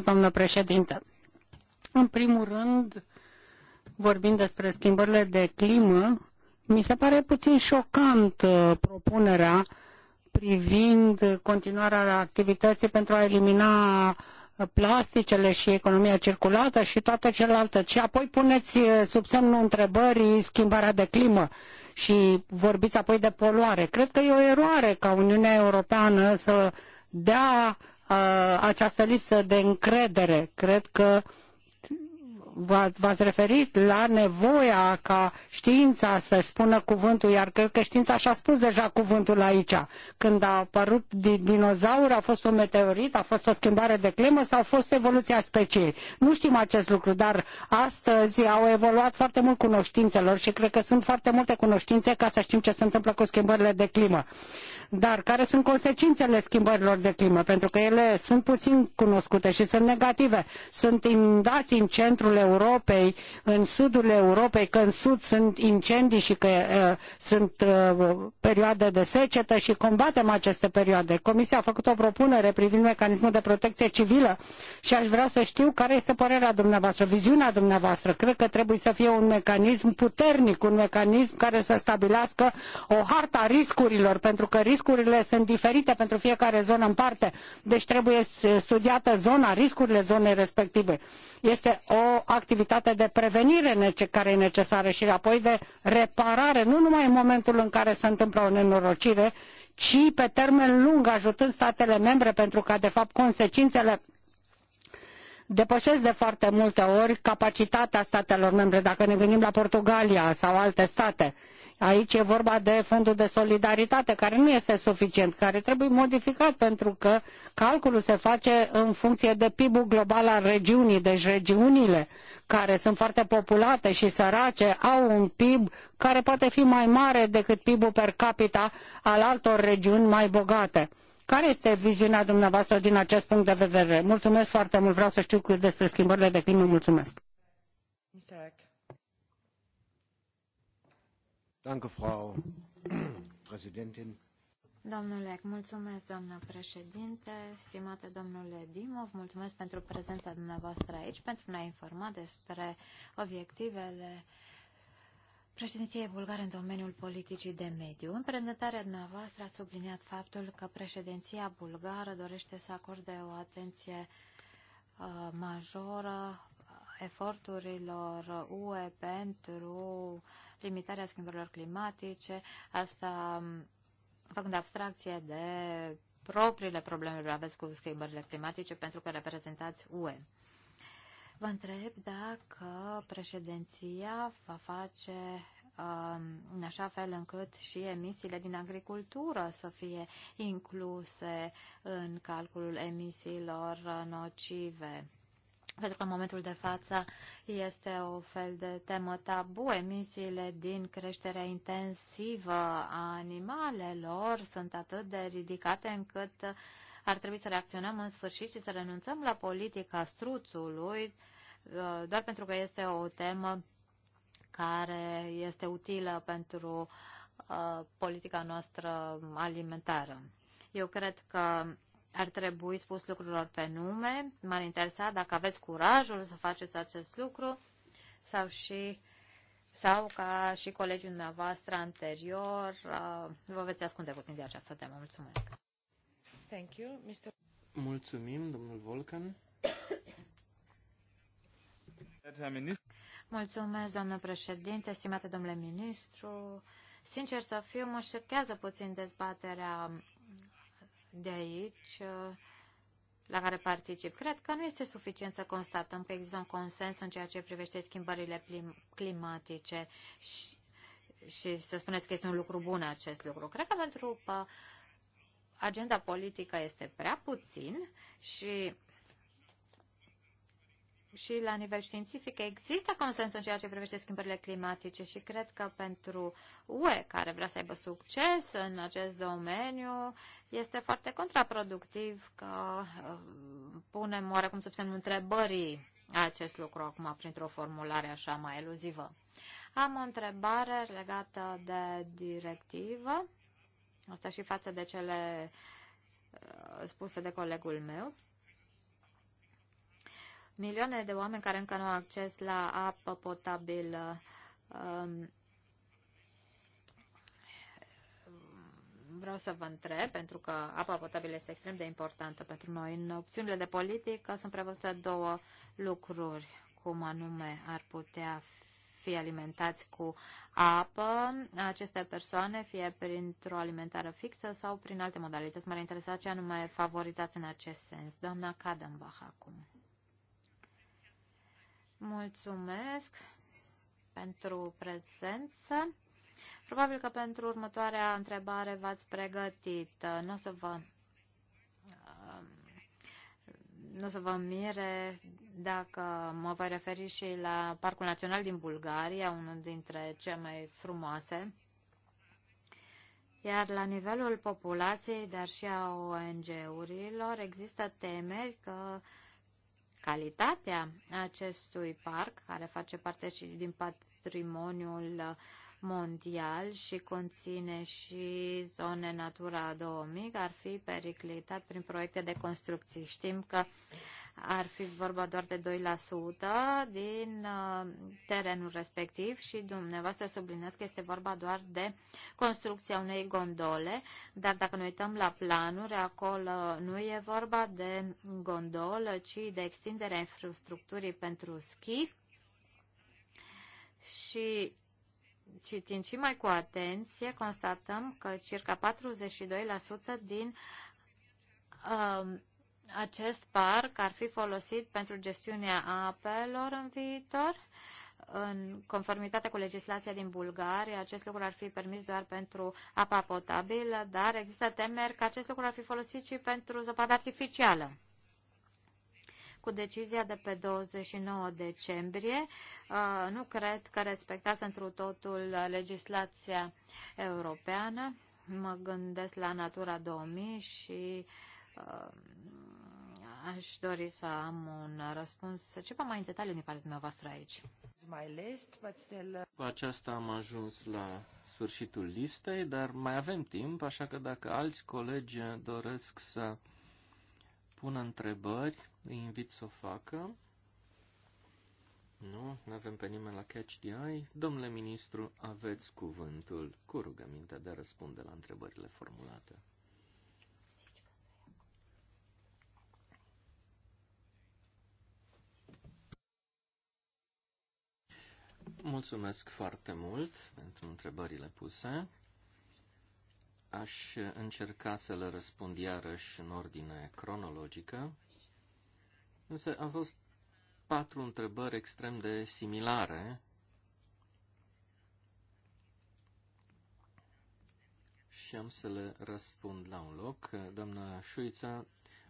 doamnă președintă. În primul rând, vorbind despre schimbările de climă, mi se pare puțin șocant uh, propunerea privind continuarea activității pentru a elimina plasticele și economia circulată și toate celelalte. Și apoi puneți uh, sub semnul întrebării schimbarea de climă și vorbiți apoi de poluare. Cred că e o eroare ca Uniunea Europeană să dea Uh, această lipsă de încredere. Cred că v-ați referit la nevoia ca știința să spună cuvântul, iar cred că știința și-a spus deja cuvântul aici. Când a apărut dinozauri, a fost un meteorit, a fost o schimbare de climă sau a fost evoluția speciei. Nu știm acest lucru, dar astăzi au evoluat foarte mult cunoștințelor și cred că sunt foarte multe cunoștințe ca să știm ce se întâmplă cu schimbările de climă. Dar care sunt consecințele schimbărilor de climă? Pentru că ele sunt puțin cunoscute și sunt negative. Sunt inundații în centrul Europei, în sudul Europei, că în sud sunt incendii și că uh, sunt uh, perioade de secetă și combatem aceste perioade. Comisia a făcut o propunere privind mecanismul de protecție civilă și aș vrea să știu care este părerea dumneavoastră, viziunea dumneavoastră. Cred că trebuie să fie un mecanism puternic, un mecanism care să stabilească o harta a riscurilor, pentru că riscurile sunt diferite pentru fiecare zonă în parte, deci trebuie studiată zona, riscurile zonei respective. Este o activitate de prevenire care e necesară și apoi de reparare, nu numai în momentul în care se întâmplă o nenorocire, ci pe termen lung, ajutând statele membre, pentru ca, de fapt, consecințele depășesc de foarte multe ori capacitatea statelor membre, dacă ne gândim la Portugalia sau alte state Aici e vorba de fondul de solidaritate, care nu este suficient, care trebuie modificat pentru că calculul se face în funcție de PIB-ul global al regiunii. Deci regiunile care sunt foarte populate și sărace au un PIB care poate fi mai mare decât PIB-ul per capita al altor regiuni mai bogate. Care este viziunea dumneavoastră din acest punct de vedere? Mulțumesc foarte mult, vreau să știu despre schimbările de climă, mulțumesc. Domnule, mulțumesc, doamnă președinte, stimate domnule Dimov, mulțumesc pentru prezența dumneavoastră aici, pentru a informa despre obiectivele președinției bulgare în domeniul politicii de mediu. În prezentarea dumneavoastră ați subliniat faptul că președinția bulgară dorește să acorde o atenție uh, majoră eforturilor UE pentru uh, limitarea schimbărilor climatice, asta mm, făcând abstracție de propriile probleme care aveți cu schimbările climatice pentru că reprezentați UE. Vă întreb dacă președinția va face um, în așa fel încât și emisiile din agricultură să fie incluse în calculul emisiilor nocive pentru că în momentul de față este o fel de temă tabu. Emisiile din creșterea intensivă a animalelor sunt atât de ridicate încât ar trebui să reacționăm în sfârșit și să renunțăm la politica struțului, uh, doar pentru că este o temă care este utilă pentru uh, politica noastră alimentară. Eu cred că ar trebui spus lucrurilor pe nume. M-ar interesa dacă aveți curajul să faceți acest lucru sau și sau ca și colegiul dumneavoastră anterior, uh, vă veți ascunde puțin de această temă. Mulțumesc. Thank you, Mr. Mulțumim, domnul Volcan. Mulțumesc, domnule președinte, estimate domnule ministru. Sincer să fiu, mă șechează puțin dezbaterea de aici uh, la care particip. Cred că nu este suficient să constatăm că există un consens în ceea ce privește schimbările climatice și, și să spuneți că este un lucru bun acest lucru. Cred că pentru agenda politică este prea puțin și și la nivel științific există consens în ceea ce privește schimbările climatice și cred că pentru UE, care vrea să aibă succes în acest domeniu, este foarte contraproductiv că uh, punem oarecum sub semnul întrebării acest lucru acum printr-o formulare așa mai eluzivă. Am o întrebare legată de directivă, asta și față de cele uh, spuse de colegul meu milioane de oameni care încă nu au acces la apă potabilă. Um, vreau să vă întreb, pentru că apa potabilă este extrem de importantă pentru noi. În opțiunile de politică sunt prevăzute două lucruri, cum anume ar putea fi alimentați cu apă aceste persoane, fie printr-o alimentare fixă sau prin alte modalități. M-ar interesa ce anume favorizați în acest sens. Doamna Kadenbach acum. Mulțumesc pentru prezență. Probabil că pentru următoarea întrebare v-ați pregătit. Nu o să vă um, nu o să vă mire dacă mă voi referi și la Parcul Național din Bulgaria, unul dintre cele mai frumoase. Iar la nivelul populației, dar și a ONG-urilor, există temeri că uh, Calitatea acestui parc, care face parte și din patrimoniul mondial și conține și zone Natura 2000, ar fi periclitat prin proiecte de construcții. Știm că ar fi vorba doar de 2% din uh, terenul respectiv și dumneavoastră sublinez că este vorba doar de construcția unei gondole, dar dacă ne uităm la planuri, acolo nu e vorba de gondolă, ci de extinderea infrastructurii pentru schi și citind și mai cu atenție, constatăm că circa 42% din um, acest parc ar fi folosit pentru gestiunea apelor în viitor. În conformitate cu legislația din Bulgaria, acest lucru ar fi permis doar pentru apa potabilă, dar există temeri că acest lucru ar fi folosit și pentru zăpadă artificială cu decizia de pe 29 decembrie. Uh, nu cred că respectați întru totul legislația europeană. Mă gândesc la Natura 2000 și uh, aș dori să am un răspuns ceva mai în detaliu din partea dumneavoastră aici. Uh, cu aceasta am ajuns la sfârșitul listei, dar mai avem timp, așa că dacă alți colegi doresc să pună întrebări, îi invit să o facă. Nu, nu avem pe nimeni la Catch the Eye. Domnule ministru, aveți cuvântul cu rugămintea de a răspunde la întrebările formulate. Mulțumesc foarte mult pentru întrebările puse. Aș încerca să le răspund iarăși în ordine cronologică, însă au fost patru întrebări extrem de similare și am să le răspund la un loc. Doamna Șuița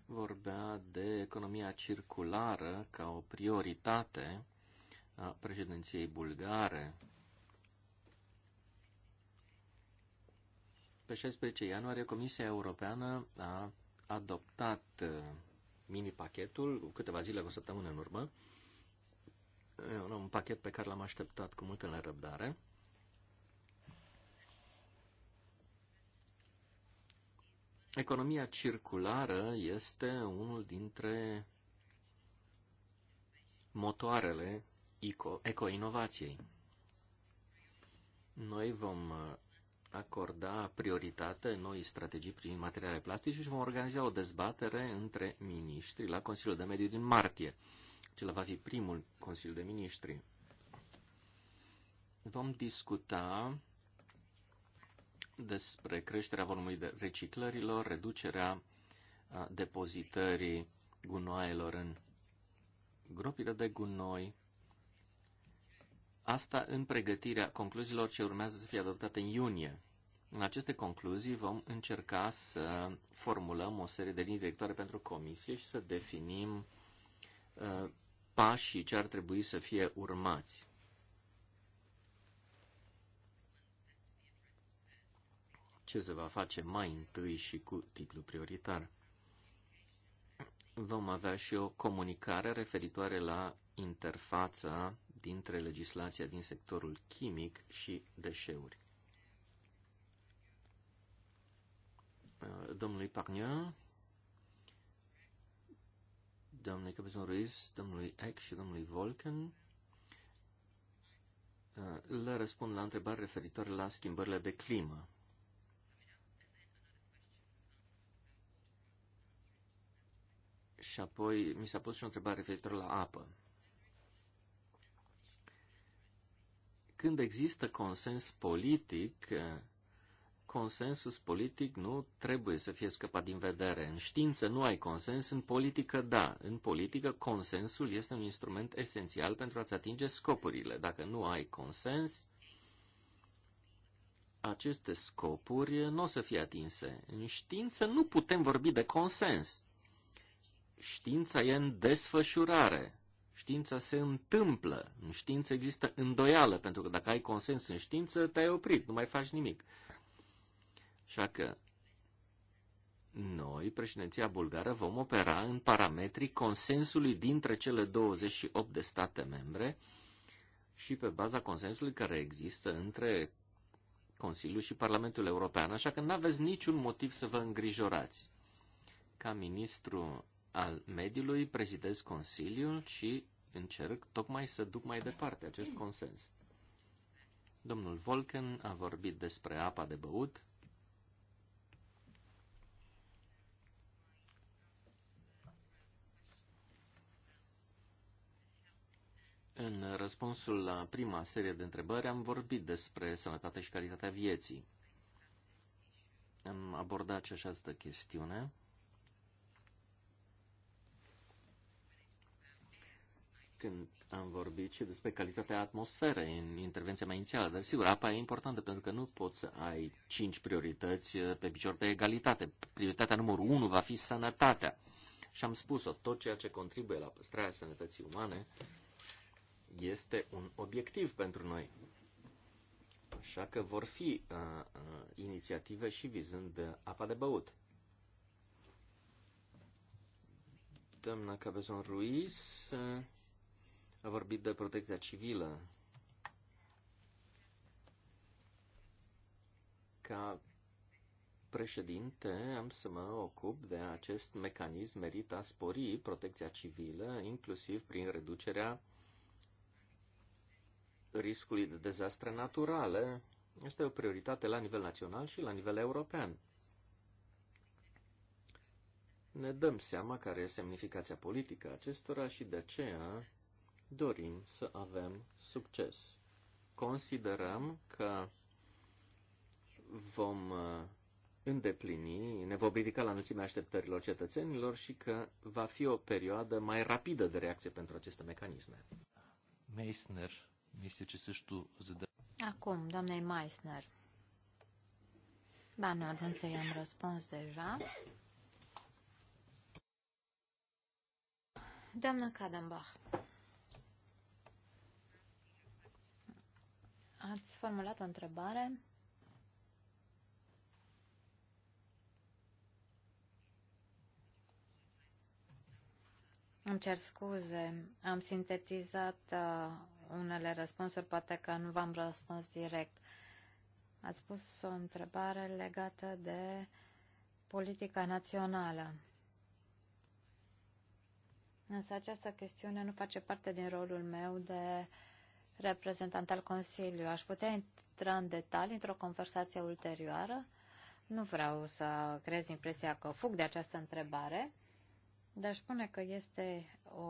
vorbea de economia circulară ca o prioritate a președinției bulgare Pe 16 ianuarie, Comisia Europeană a adoptat uh, mini-pachetul câteva zile, cu o săptămână în urmă. Uh, un pachet pe care l-am așteptat cu multă nerăbdare. Economia circulară este unul dintre motoarele eco-inovației. Noi vom uh, acorda prioritate noi strategii prin materiale plastice și vom organiza o dezbatere între miniștri la Consiliul de Mediu din martie. Acela va fi primul Consiliu de Miniștri. Vom discuta despre creșterea volumului de reciclărilor, reducerea depozitării gunoaielor în gropile de gunoi, Asta în pregătirea concluziilor ce urmează să fie adoptate în iunie. În aceste concluzii vom încerca să formulăm o serie de linii directoare pentru comisie și să definim uh, pașii ce ar trebui să fie urmați. Ce se va face mai întâi și cu titlu prioritar? Vom avea și o comunicare referitoare la interfața dintre legislația din sectorul chimic și deșeuri. Uh, domnului Parnia, domnului Capizon Ruiz, domnului Eck și domnului Volken, uh, le răspund la întrebări referitoare la schimbările de climă. Și apoi mi s-a pus și o întrebare referitoare la apă. Când există consens politic, consensus politic nu trebuie să fie scăpat din vedere. În știință nu ai consens, în politică da. În politică consensul este un instrument esențial pentru a-ți atinge scopurile. Dacă nu ai consens, aceste scopuri nu o să fie atinse. În știință nu putem vorbi de consens. Știința e în desfășurare. Știința se întâmplă. În știință există îndoială, pentru că dacă ai consens în știință, te-ai oprit, nu mai faci nimic. Așa că noi, președinția bulgară, vom opera în parametrii consensului dintre cele 28 de state membre și pe baza consensului care există între Consiliul și Parlamentul European, așa că nu aveți niciun motiv să vă îngrijorați. Ca ministru al mediului, prezidez Consiliul și încerc tocmai să duc mai departe acest consens. Domnul Volken a vorbit despre apa de băut. În răspunsul la prima serie de întrebări am vorbit despre sănătatea și calitatea vieții. Am abordat și această chestiune. când am vorbit și despre calitatea atmosferei în intervenția mea inițială. Dar sigur, apa e importantă pentru că nu poți să ai cinci priorități uh, pe picior de egalitate. Prioritatea numărul unu va fi sănătatea. Și am spus-o, tot ceea ce contribuie la păstrarea sănătății umane este un obiectiv pentru noi. Așa că vor fi uh, uh, inițiative și vizând uh, apa de băut. Doamna Cabezon Ruiz, uh, a vorbit de protecția civilă ca președinte am să mă ocup de acest mecanism merit a spori protecția civilă, inclusiv prin reducerea riscului de dezastre naturale. Este o prioritate la nivel național și la nivel european. Ne dăm seama care e semnificația politică a acestora și de aceea dorim să avem succes. Considerăm că vom uh, îndeplini, ne vom ridica la înălțimea așteptărilor cetățenilor și că va fi o perioadă mai rapidă de reacție pentru aceste mecanisme. Meissner, este ce să știu Acum, doamnei Meissner. Ba, nu, însă i-am răspuns deja. Doamna Kadambach. Ați formulat o întrebare. Îmi cer scuze, am sintetizat uh, unele răspunsuri, poate că nu v-am răspuns direct. Ați pus o întrebare legată de politica națională. Însă această chestiune nu face parte din rolul meu de uh, reprezentant al Consiliului. Aș putea intra în detalii într-o conversație ulterioară. Nu vreau să creez impresia că fug de această întrebare, dar spune că este o,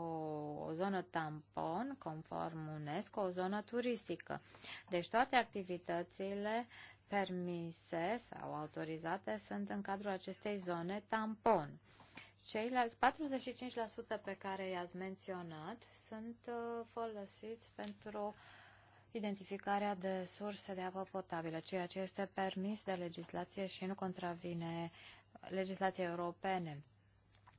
o zonă tampon, conform UNESCO, o zonă turistică. Deci toate activitățile permise sau autorizate sunt în cadrul acestei zone tampon. Ceilalți 45% pe care i-ați menționat sunt uh, folosiți pentru identificarea de surse de apă potabilă, ceea ce este permis de legislație și nu contravine legislației europene.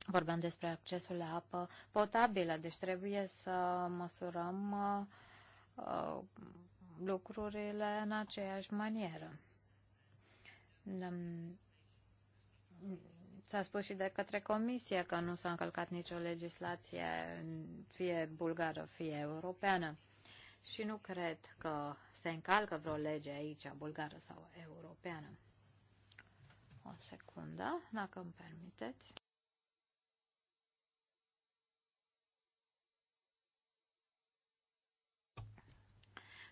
Vorbeam despre accesul la apă potabilă, deci trebuie să măsurăm uh, uh, lucrurile în aceeași manieră. S-a spus și de către Comisie că nu s-a încălcat nicio legislație, fie bulgară, fie europeană. Și nu cred că se încalcă vreo lege aici, bulgară sau europeană. O secundă, dacă îmi permiteți.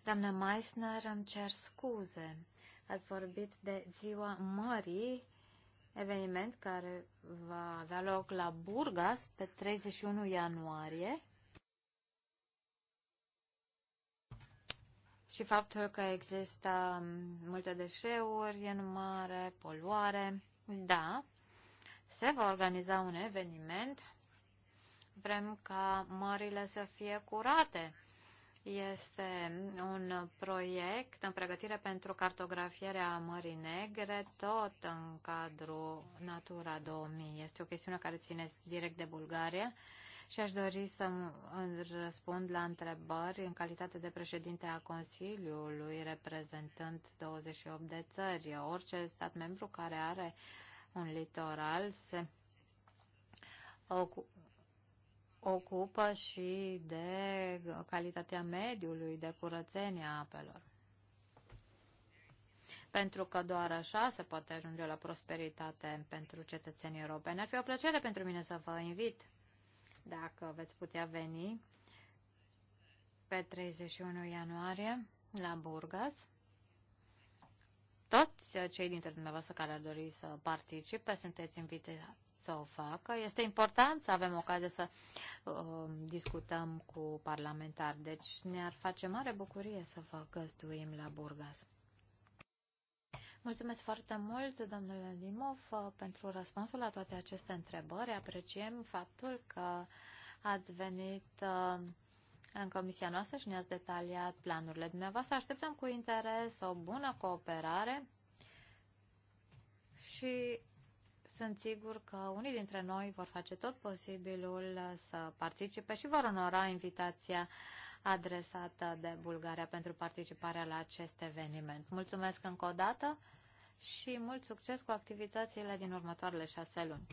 Doamna Meissner, îmi cer scuze. Ați vorbit de ziua mării eveniment care va avea loc la Burgas pe 31 ianuarie. Și faptul că există multe deșeuri în mare, poluare, da, se va organiza un eveniment. Vrem ca mările să fie curate este un proiect în pregătire pentru cartografierea Mării Negre, tot în cadrul Natura 2000. Este o chestiune care ține direct de Bulgaria și aș dori să răspund la întrebări în calitate de președinte a Consiliului, reprezentând 28 de țări. Orice stat membru care are un litoral se ocupă și de calitatea mediului, de curățenia apelor. Pentru că doar așa se poate ajunge la prosperitate pentru cetățenii europeni. Ar fi o plăcere pentru mine să vă invit, dacă veți putea veni, pe 31 ianuarie la Burgas. Toți cei dintre dumneavoastră care ar dori să participe sunteți invitați să o facă. Este important să avem ocazia să uh, discutăm cu parlamentari, deci ne-ar face mare bucurie să vă găzduim la Burgas. Mulțumesc foarte mult, domnule Limov, pentru răspunsul la toate aceste întrebări. Apreciem faptul că ați venit uh, în comisia noastră și ne-ați detaliat planurile dumneavoastră. Așteptăm cu interes o bună cooperare și sunt sigur că unii dintre noi vor face tot posibilul să participe și vor onora invitația adresată de Bulgaria pentru participarea la acest eveniment. Mulțumesc încă o dată și mult succes cu activitățile din următoarele șase luni.